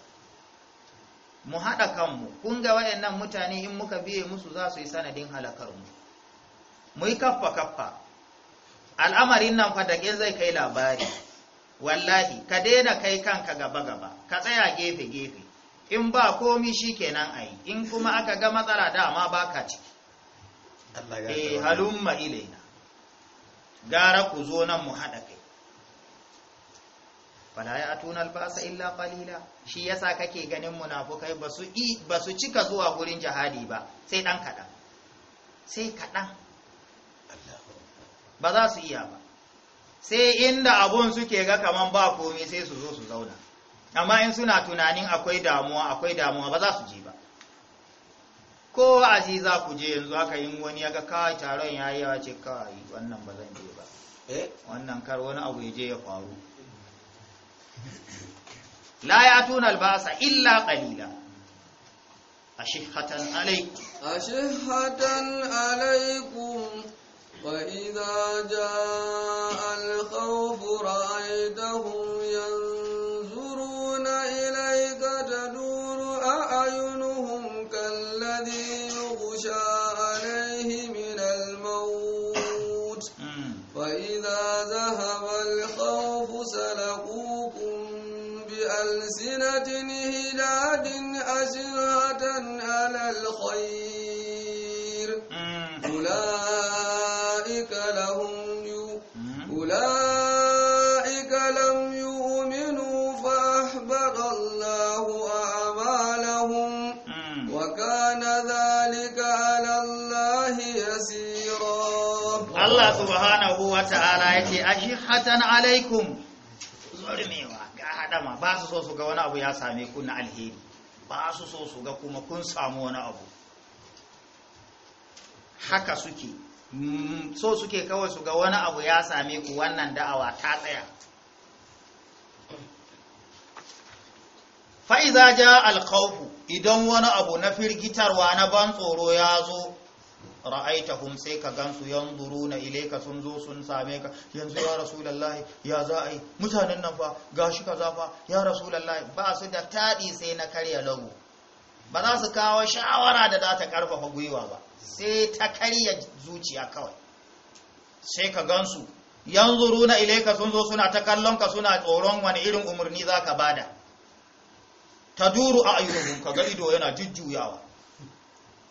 Speaker 2: mu haɗa kanmu kun ga wayannan mutane in muka biye musu za su yi sanadin halakar mu mu yi kaffa kaffa al'amarin nan fa da zai kai labari wallahi ka daina kai kanka gaba gaba ka tsaya gefe gefe in ba komi shikenan ayi in kuma aka ga matsala dama baka ciki eh halumma ilaina gara ku zo nan mu haɗa kai fala ya atuna albasa illa qalila shi yasa kake ganin munafukai basu i basu cika zuwa gurin jihadi ba sai dan kada sai kada ba za su iya ba sai inda abun suke ga kaman ba komai sai su zo su zauna amma in suna tunanin akwai damuwa akwai damuwa ba za su je ba ko aziza ku je yanzu haka yin wani ya ga kawai taron yayi yawa ce kawai wannan ba zan je ba eh wannan kar wani abu ya je ya faru لا يأتون الباس إلا قليلا أشحة عليكم
Speaker 1: أشحة عليكم وإذا جاء الخوف رأيتهم ينظرون إليك تدور أعينهم كالذي يغشى عليه من الموت فإذا ذهب الخوف سلقوكم وألسنة هلاد أزهة على الخير أولئك لهم يو أولئك لم يؤمنوا فأحبط الله أعمالهم وكان ذلك على الله يسيرا
Speaker 2: الله سبحانه وتعالى يتي أشحة عليكم ظلم taɗama ba su so su ga wani abu ya same ku na alheri ba su so su ga kuma kun samu wani abu haka suke mm, so suke kawai su ga wani abu ya same ku wannan da'awa ta tsaya fa'iza ja idan wani abu na firgitarwa na ban tsoro ya zo ra'aitahum sai ka gansu yanzuruna ilayka sun zo sun same ka yanzu ya rasulullahi ya za a yi mutanen nan fa gashi kaza fa ya rasulullahi ba su da taɗi sai na karya lagu ba za su kawo shawara da za ta karfafa gwiwa ba sai ta karya zuciya kawai sai ka gansu yanzuruna ilayka sun zo suna ta kallon ka suna tsoron wani irin umarni zaka bada taduru ka ga ido yana jujjuyawa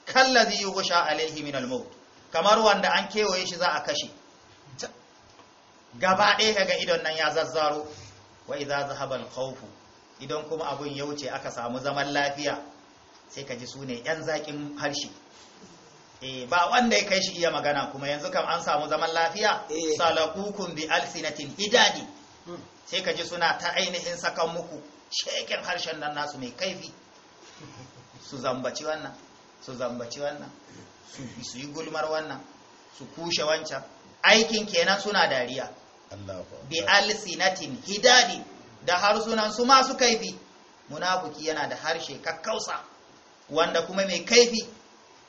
Speaker 2: kallazi yughsha alaihi min al kamar wanda an kewaye shi za a kashe gaba ɗaya kaga idon nan ya zazzaro wa idza zahaba al-khawf idan kuma abun ya wuce aka samu zaman lafiya sai ka ji sune yan zakin harshe eh ba wanda ya kai shi iya magana kuma yanzu kam an samu zaman lafiya eh. salakukum bi alsinatin idadi, hmm. sai ka ji suna ta ainihin sakan muku shekin harshen nan nasu mai kaifi su zambaci wannan su zambaci wannan su yi gulmar wannan su kushe wancan aikin kenan suna dariya bi alsinatin hidadi da harsunan su masu kaifi munafuki yana da harshe kakkausa wanda kuma mai kaifi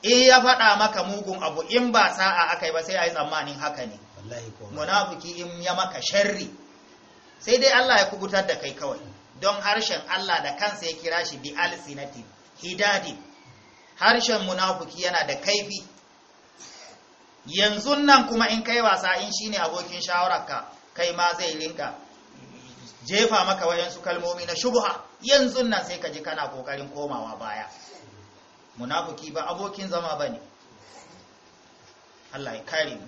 Speaker 2: in ya faɗa maka mugun abu in ba sa'a aka ba sai a yi tsammanin haka ne munafuki in ya maka sharri sai dai Allah ya kubutar da kai kawai don harshen Allah da kansa ya kira shi bi alsinatin hidadin harshen munafuki yana da kaifi yanzu nan kuma in kai wasa in shine abokin shawararka kai ma zai linka jefa maka wayansu kalmomi na shubha yanzu nan sai ka ji kana kokarin komawa baya munafuki ba abokin zama ne. Allah ya kare mu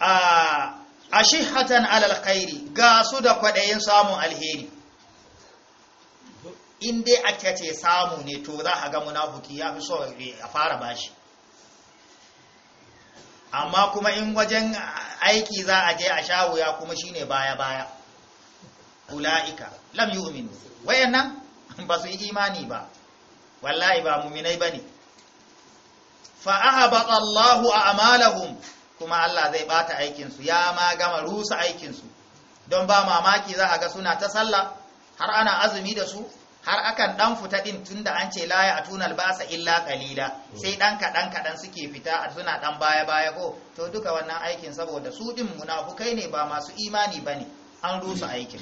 Speaker 2: a ah, ashihatan alal khairi ga su da kwaɗayin samun alheri in dai ake ce samu ne to za a ga munafuki ya fi so a fara bashi amma kuma in wajen aiki za a je a shawo ya kuma shine baya baya ula'ika lam wayannan ba su yi imani ba wallahi ba muminai bane ba ahbata Allahu amalahun kuma Allah zai bata aikinsu ya ma gama rusa aikinsu don ba mamaki za a ga suna ta sallah har ana azumi da su har akan dan fita din tunda an ce la ya tunal basa illa qalila sai dan kadan kadan suke fita a suna dan baya baya ko to duka wannan aikin saboda su din munafukai ne ba masu imani bane an rusa aikin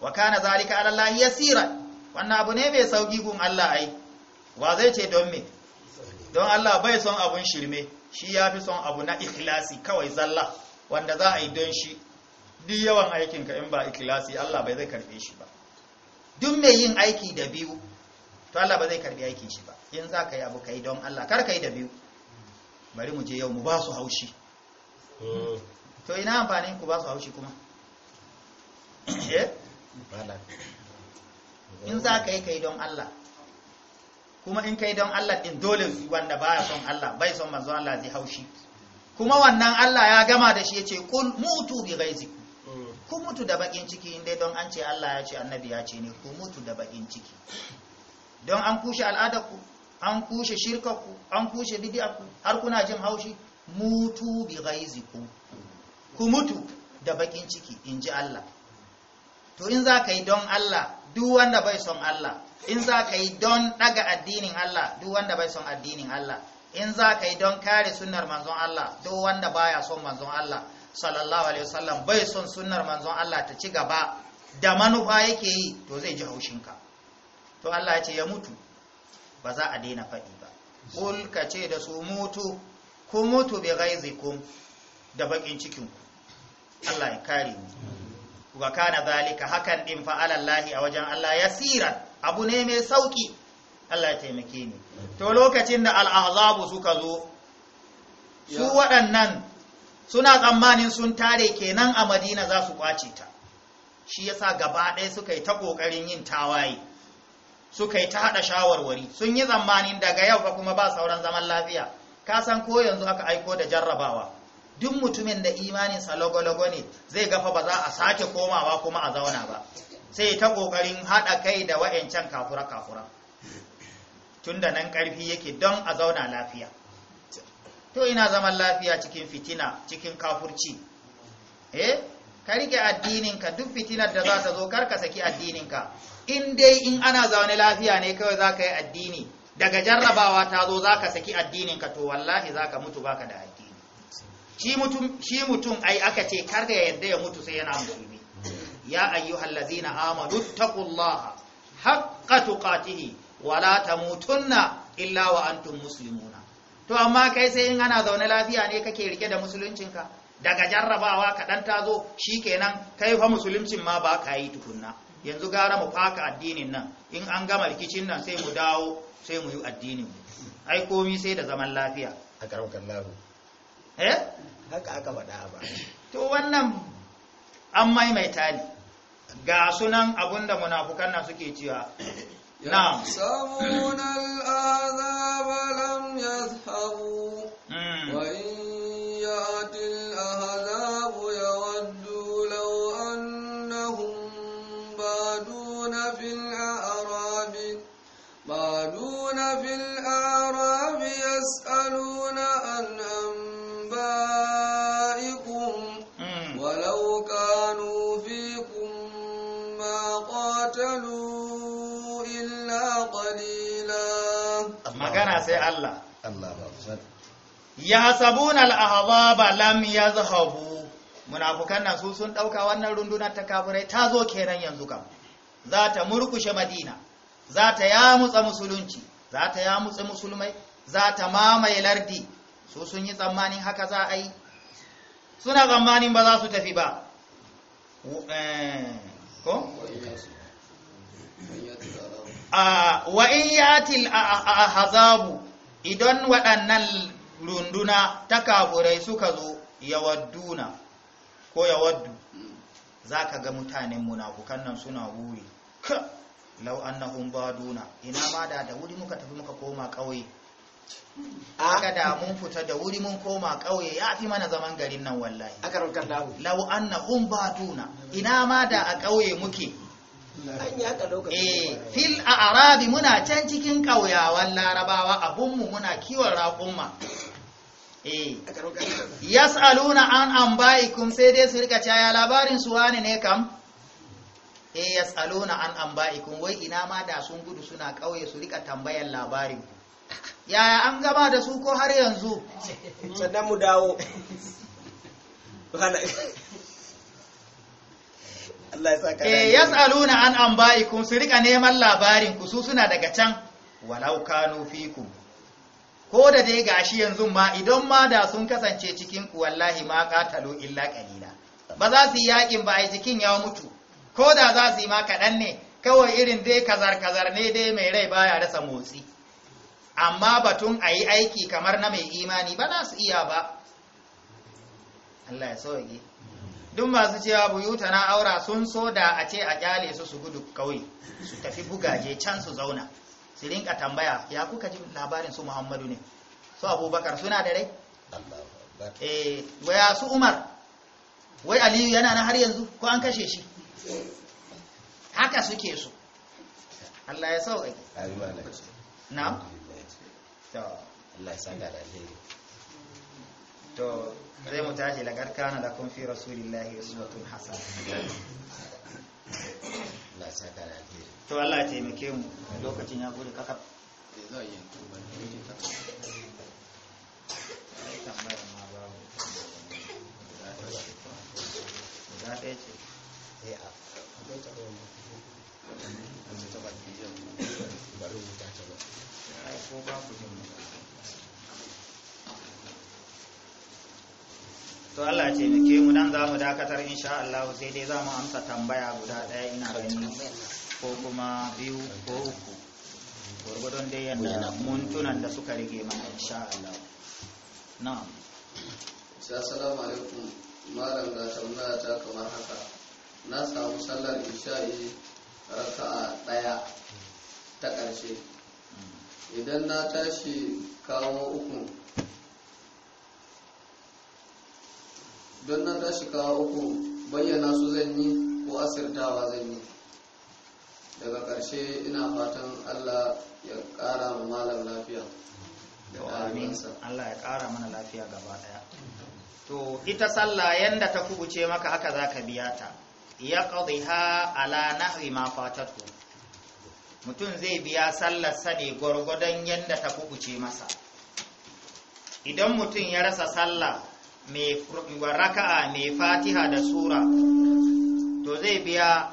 Speaker 2: wa kana zalika ala Allah yasira wannan abu ne bai sauki gun Allah ai wa zai ce don me don Allah bai son abun shirme shi yafi son abu na ikhlasi kawai zalla wanda za a yi don shi duk yawan aikinka in ba ikhlasi Allah bai zai karbe shi ba duk mai yin aiki da biyu to Allah ba zai karbi aikin shi ba in za ka yi abu ka yi don Allah kar ka yi da biyu bari mu je yau mu ba su haushi to ina amfanin ku ba su haushi kuma eh? in za ka yi ka yi don Allah kuma in ka yi don Allah din dole wanda baya son Allah bai son manzo Allah zai haushi kuma wannan Allah ya gama da shi ya ce kul mutu bi ghaizikum ku mutu da bakin ciki inda don an ce Allah ya ce annabi ya ce ne ku mutu da bakin ciki don an kushe al'adarku an kushe shirkarku an kushe bidiyarku har kuna jin haushi mutu bi ghaizikum ku mutu da bakin ciki in ji Allah to in za ka yi don Allah duk wanda bai son Allah in za ka yi don daga addinin Allah duk wanda bai son addinin Allah in za ka yi don kare sunnar manzon Allah duk wanda baya son manzon Allah sallallahu alaihi wasallam bai son sunnar manzon Allah ta ci gaba da manufa yake yi to zai ji haushin ka. to Allah ya ce ya mutu ba za a daina faɗi ba kul ka ce da su mutu ku mutu bi ghaizikum da bakin cikin ku Allah ya kare mu wa kana zalika hakan din fa alallahi a wajen Allah yasiran abu ne mai sauki Allah ya taimake ni to lokacin da al-ahzabu suka zo su waɗannan suna tsammanin sun tare kenan a madina za su kwace ta shi ya sa gaba ɗaya suka yi ta ƙoƙarin yin tawaye suka yi ta haɗa shawarwari sun yi tsammanin daga yau fa kuma ba sauran zaman lafiya ka san ko yanzu aka aiko da jarrabawa duk mutumin da imaninsa logologo ne zai gafa ba za a sake komawa kuma a zauna ba sai ta ƙoƙarin haɗa kai da wa'yancan kafura-kafura Tunda nan ƙarfi yake don a zauna lafiya to ina zaman lafiya cikin fitina cikin kafurci eh ka rike addininka duk fitinar da za ta zo kar ka saki addininka in dai in ana zaune lafiya ne kawai za ka yi addini daga jarrabawa ta zo za ka saki addininka to wallahi za ka mutu baka da addini shi mutum ai aka ce kar ya yarda ya mutu sai yana musulmi ya ayyuhal hallazina amanu taqullaha haqqa tuqatihi wala ta tamutunna illa wa antum muslimuna to amma kai sai in ana zaune lafiya ne kake rike da musuluncinka daga jarrabawa kaɗan ta zo shi kenan kai fa musuluncin ma ba ka yi tukunna yanzu gara mu faka addinin nan in an gama rikicin nan sai mu dawo sai mu yi addinin ai komi sai da zaman lafiya a karamkan labu eh haka aka faɗa ba to wannan an maimaita ne ga sunan abunda munafukan nan suke cewa na
Speaker 1: samuna al'adha فلم يذهبوا وإن يأتي الأهزاب يودوا لو أنهم بادون في الأعراب بادون في الأعراب يسألون
Speaker 2: Allah sai Allah ya al-ahzaba lam ya zahabu munafukan nan su sun ɗauka wannan rundunar ta kafirai ta zo kenan yanzu kam za ta murkushe madina za ta yamutsa musulunci za ta yamutsa musulmai za ta mamaye lardi su sun yi tsammanin haka za a yi suna tsammanin ba za su tafi ba eh, ko? wa in yatil hazabu idan waɗannan runduna ta kaburai suka zo yawadduna ko yawaddu za ka ga mutanen munafukan nan suna wuri lau annahum baduna ina ma da da wuri muka tafi muka koma ƙauye aka da mun fita da wuri mun koma ƙauye ya fi mana zaman garin nan wallahi aka raukar lau lau annahum baduna ina ma da a ƙauye muke Eh, fil a arabi muna can cikin ƙauyawan larabawa abunmu muna kiwon raƙumma eh, yas'aluna an kun sai dai su rika caya labarin su wani ne kam e yas'aluna an kun wai ina ma da sun gudu suna ƙauye su rika tambayan labarin yaya an gama da su ko har yanzu sannan mu dawo Allah ya saka eh, yasaluna an anba'ikum su rika neman labarin ku su suna daga can walau kanu fikum ko da dai gashi yanzu ma idan ma da sun kasance cikin ku wallahi ma qatalu illa qalila ba za su yakin ba ai cikin ya mutu ko da za su ma kaɗan ne kawai irin dai kazar-kazar ne dai mai rai baya rasa motsi amma batun ayi aiki kamar na mai imani ba za su iya ba Allah ya sauke duk masu cewa buyuta na aura sun so da a ce a kyale su su gudu kawai su tafi bugaje can su zauna su rinka tambaya ya kuka ji labarin su muhammadu ne su abubakar suna da rai eh waya su umar wai aliyu yana na har yanzu ko an kashe shi haka suke su allah ya sauƙaƙe na? To, زي ما تعالي لقد كان لكم في رسول الله اسوة حسنة لا سكر الجيل تو الله يتيمكم لو كتين يقول كقب Baru kita coba. Ayo coba, aku jemput. to Allah ce muke mu nan za mu dakatar insha Allah sai dai za mu amsa tambaya guda ɗaya ina gani ko kuma biyu ko uku gwargwadon dai yadda muntunan da suka rige mana insha Allah na'am
Speaker 3: assalamu alaikum malam da tambaya ta kamar haka na samu sallar raka a ɗaya ta ƙarshe hmm. idan na tashi kawo uku don na tashi kawo uku bayyana su zan yi ko asirtawa zan yi daga ƙarshe ina fatan allah
Speaker 2: ya ƙara ma malam lafiya da ɗalibinsa allah ya ƙara mana lafiya gaba daya to ita sallah yadda ta kubuce maka haka za ka biya ta ya ƙaddiha ala nahri ma ku. mutum zai biya sallar ne gwargwadon yanda ta kubuce masa idan mutum ya rasa sallah raka'a mai fatiha da sura to zai biya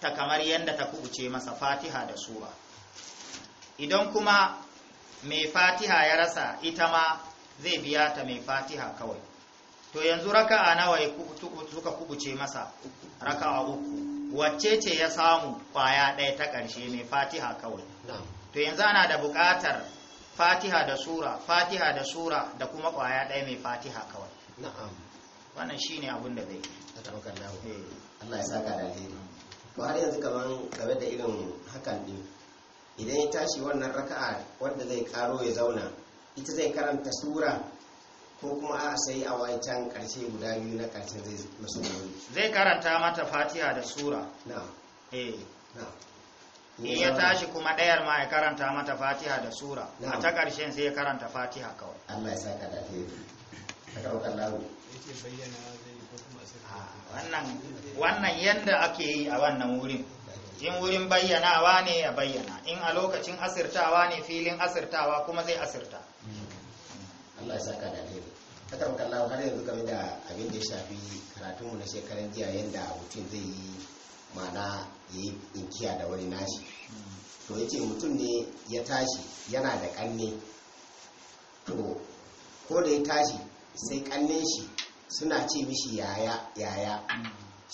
Speaker 2: ta kamar yadda ta kubuce masa fatiha da sura idan kuma mai fatiha ya rasa ita ma zai biya ta mai fatiha kawai to yanzu raka'a nawa ya suka kubuce masa raka'a uku wacce ce ya samu kwaya ɗaya ta ƙarshe mai fatiha kawai to yanzu ana da buƙatar fatiha da sura fatiha da sura da kuma kwaya ɗaya mai fatiha kawai na'am wannan shine abin da zai yi eh. Allah ya saka da alheri to har yanzu kaman game da irin hakan din idan ya tashi wannan raka'a wanda zai karo ya zauna ita zai karanta sura ko kuma a sai a wancan karshe guda biyu na karshe zai masu zai karanta mata fatiha da sura na'am eh na'am in ya tashi kuma ɗayar ma ya karanta mata fatiha da sura a ta ƙarshen sai ya karanta fatiha kawai Allah ya saka da ta yi
Speaker 3: ah, wannan
Speaker 2: wannan yadda ake yi a wannan wurin in wurin bayyanawa ne ya bayyana in a lokacin asirtawa ne filin asirtawa kuma zai asirta hmm. Allah ya saka da ta yi lawo har yanzu game da abin da ya shafi karatunmu na shekaran jiya yadda mutum zai yi ma'ana ya yi inkiya da wani nashi to ya ce mutum ne ya tashi yana da kanne to ko da ya tashi sai ƙannen shi suna ce mishi yaya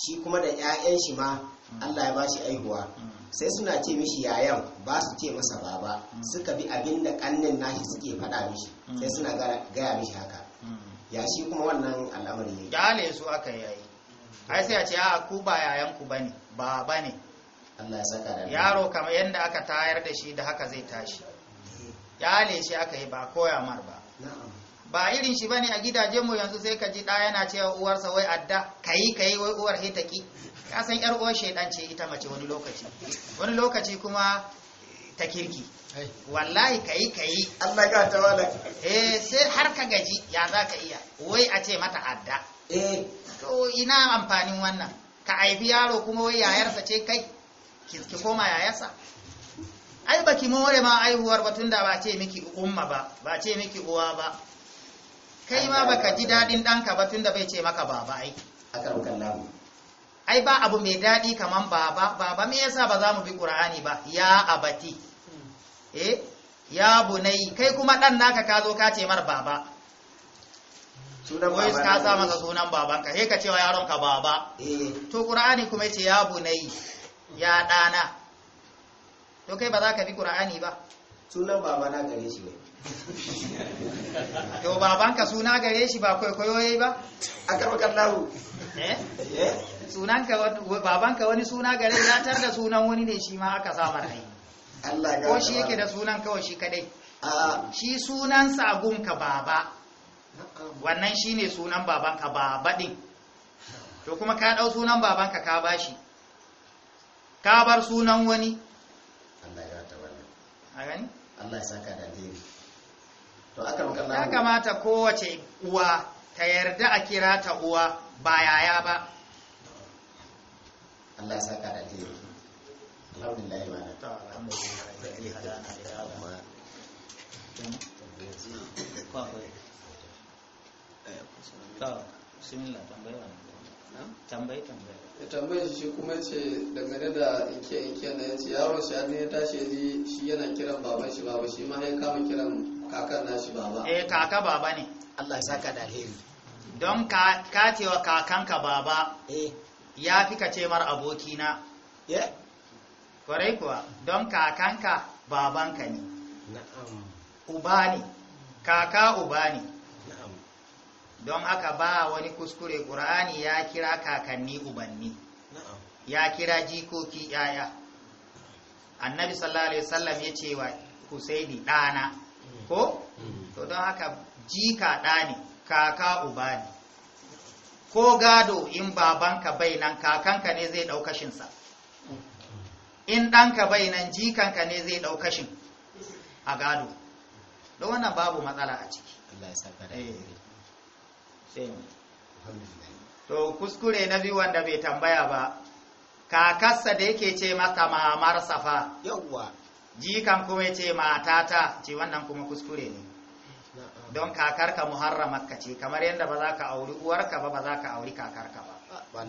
Speaker 2: shi kuma da 'ya'yan shi ma allah ya bashi shi aihuwa sai suna ce mishi yayan ba su ce masa baba suka bi abin da ƙannen nashi suke faɗa mishi sai suna gaya mishi haka ya shi kuma wannan al'amari ya yi su aka yayi ai sai a ce a ku ba yayan ku bane ba bane yaro kamar yadda aka tayar da shi da haka zai tashi yale shi aka yi ba koya mar ba ba irin shi bane a gidajen mu yanzu sai ka ji da yana cewa uwarsa wai adda kai kai wai uwar hitaki ka san yar uwar shedan ce ita mace wani lokaci wani lokaci kuma ta kirki wallahi ka yi Allah yi. eh sai har ka gaji ya za ka iya wai a ce mata adda eh to ina amfanin wannan ka haifi yaro kuma wai yayarsa ce kai ki koma ya yasa? ai baki more ma aihuwar ba tunda ba ce miki umma ba ba ce miki uwa ba kai ma baka ji dadin danka ba tunda bai ce maka baba ai ai ba abu mai dadi kaman baba baba me yasa ba za mu bi qur'ani ba ya abati eh ya bunai kai kuma dan naka ka zo ka ce mar baba sunan wai ka sa masa sunan babanka he ka cewa yaron ka baba eh. to qur'ani kuma yace ya bunai ya ɗana to kai ba za ka bi ƙura'ani ba sunan baba na gare shi ne to babanka suna gare shi ba kwaikwayo ya yi ba a karɓar lahu eh Baban eh? babanka wani suna gare ya tar da sunan wani ne shi ma aka samar ai Allah ko shi yake da sunan kawai shi kadai shi sunan agunka baba wannan shine sunan babanka baba din to kuma ka dau sunan babanka ka bashi ka bar sunan wani Allah ya rata wannan a gani Allah ya saka da alheri to aka maka Allah ya kamata kowace uwa ta yarda a kira ta uwa ba yaya ba Allah ya saka da alheri alhamdulillah wa ta alhamdulillah da ilhadana da Allah kwa kwa ta bismillah tambaya tambayi ya
Speaker 3: tambaye shi kuma ce dangane da inke inke na yace yaro shi ne ya tashi ji shi yana
Speaker 2: kiran baban shi baba shi ma ya kama kiran kakan nashi baba eh kaka baba ne Allah ya saka da alheri don ka ka cewa kakanka baba eh ya fi ka ce mar aboki na kwarai kuwa don kakanka babanka ne na'am uba ne kaka uba ne don aka ba wani kuskure ƙura'ani ya kira kakanni ubanni ya kira jikoki yaya annabi sallallahu alaihi wasallam ya ce wa husaini ɗana mm. ko mm. to don haka jika ɗa kaka uba ko gado in babanka bai nan kakanka ne zai ɗaukashinsa mm. in ɗanka bai nan jikanka ne zai ɗaukashin a gado don wannan babu matsala a ciki Allah ya to kuskure na biyu wanda bai tambaya ba kakarsa da yake ce maka mamar safa yawwa jikan kuma ya ce matata ce wannan kuma kuskure ne don kakarka muharramarka ce kamar yadda ba za ka auri uwarka ba ba za ka auri kakarka ba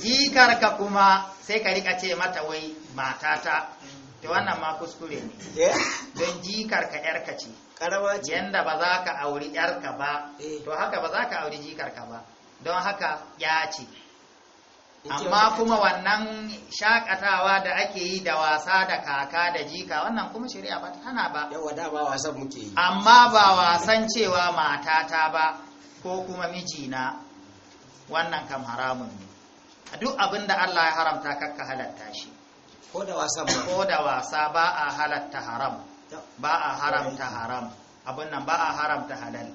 Speaker 2: jikarka kuma sai ka rika ce mata wai matata ta wannan ma kuskure ne eh? don jikar ka yarka ce yanda ba za ka auri yarka ba eh. to haka ba za ka auri jikar ka ba don haka ya ce amma kuma wannan shakatawa da ake yi da wasa da kaka da jika wannan kuma shari'a ba tana ba yawa da ba wasan muke yi amma ba wasan cewa matata ba ko kuma mijina wannan kam haramun ne duk abin da Allah ya haramta kakka halatta shi ko da wasa ko da wasa ba a halatta haram ba a haramta haram abin nan ba a haramta halal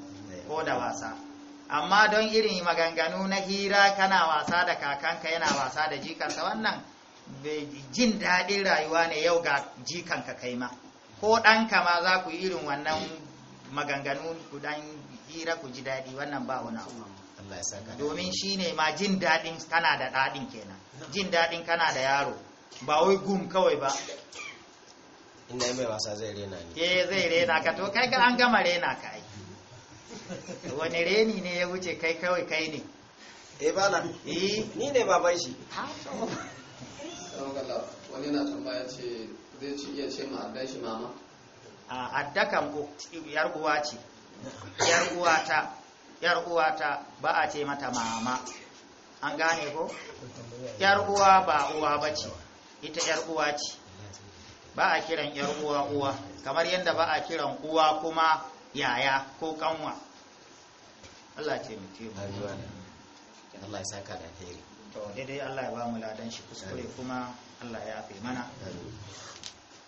Speaker 2: ko da wasa amma don irin maganganu na hira kana wasa da kakanka yana wasa da jikanka wannan jin daɗin rayuwa ne yau ga jikanka kai ma ko ɗanka ma za ku irin wannan maganganu ku dan hira ku ji daɗi wannan ba wani abu domin shi ne ma jin daɗin kana da daɗin kenan jin daɗin kana da yaro ba wai gum kawai ba inda ya mai wasa zai rena ne eh zai rena ka to kai ka an gama rena ka ai wani reni ne ya wuce kai kawai kai ne eh ba na eh ni ne baban shi ha to
Speaker 3: wani na tambaya
Speaker 2: ce zai ci iya ce ma addan shi mama a addakan yar uwa ce yar uwa ta yar uwa ta ba a ce mata mama an gane ko yar uwa ba uwa bace ita ‘yar uwa ce ba a kiran ‘yar uwa uwa kamar yadda ba a kiran uwa kuma yaya ko kanwa Allah ce mutu Allah ya saka da alheri to daidai Allah ya ba mu ladan shi kuskure kuma Allah ya fi mana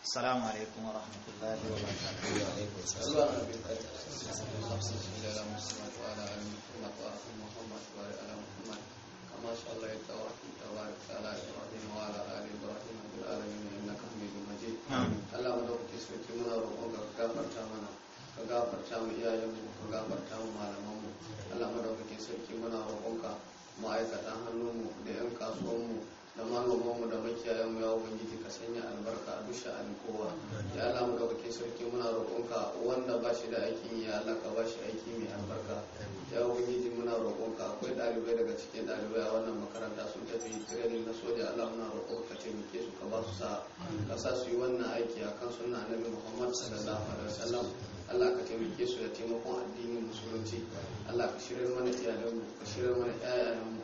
Speaker 2: السلام عليكم ورحمة الله وبركاته وعليكم السلام
Speaker 3: ورحمة الله وبركاته كما صليت ورحمت وباركت على إبراهيم وعلى آل إبراهيم في العالمين إنك حميد مجيد الله مدوكي سوتي منا روحك كافرت منا ka gafarta mu iyayenmu ka gafarta mu malamanmu Allah madaukake sarki muna roƙonka ma'aikatan hannunmu da 'yan kasuwanmu da mu da mu ya ubangiji ka sanya albarka a dusha a kowa ya Allah mu dauke sarki muna roƙonka wanda ba shi da aikin ya Allah ka ba shi aiki mai albarka ya ubangiji muna roƙonka akwai ɗalibai daga cikin ɗalibai a wannan makaranta sun tafi training na soja Allah muna roƙonka ka taimake su ka ba su sa ka sa su yi wannan aiki akan sunna annabi Muhammad sallallahu alaihi wasallam Allah ka taimake su da taimakon addinin musulunci Allah ka shirya mana iyalanmu ka shirya mana 'ya'yanmu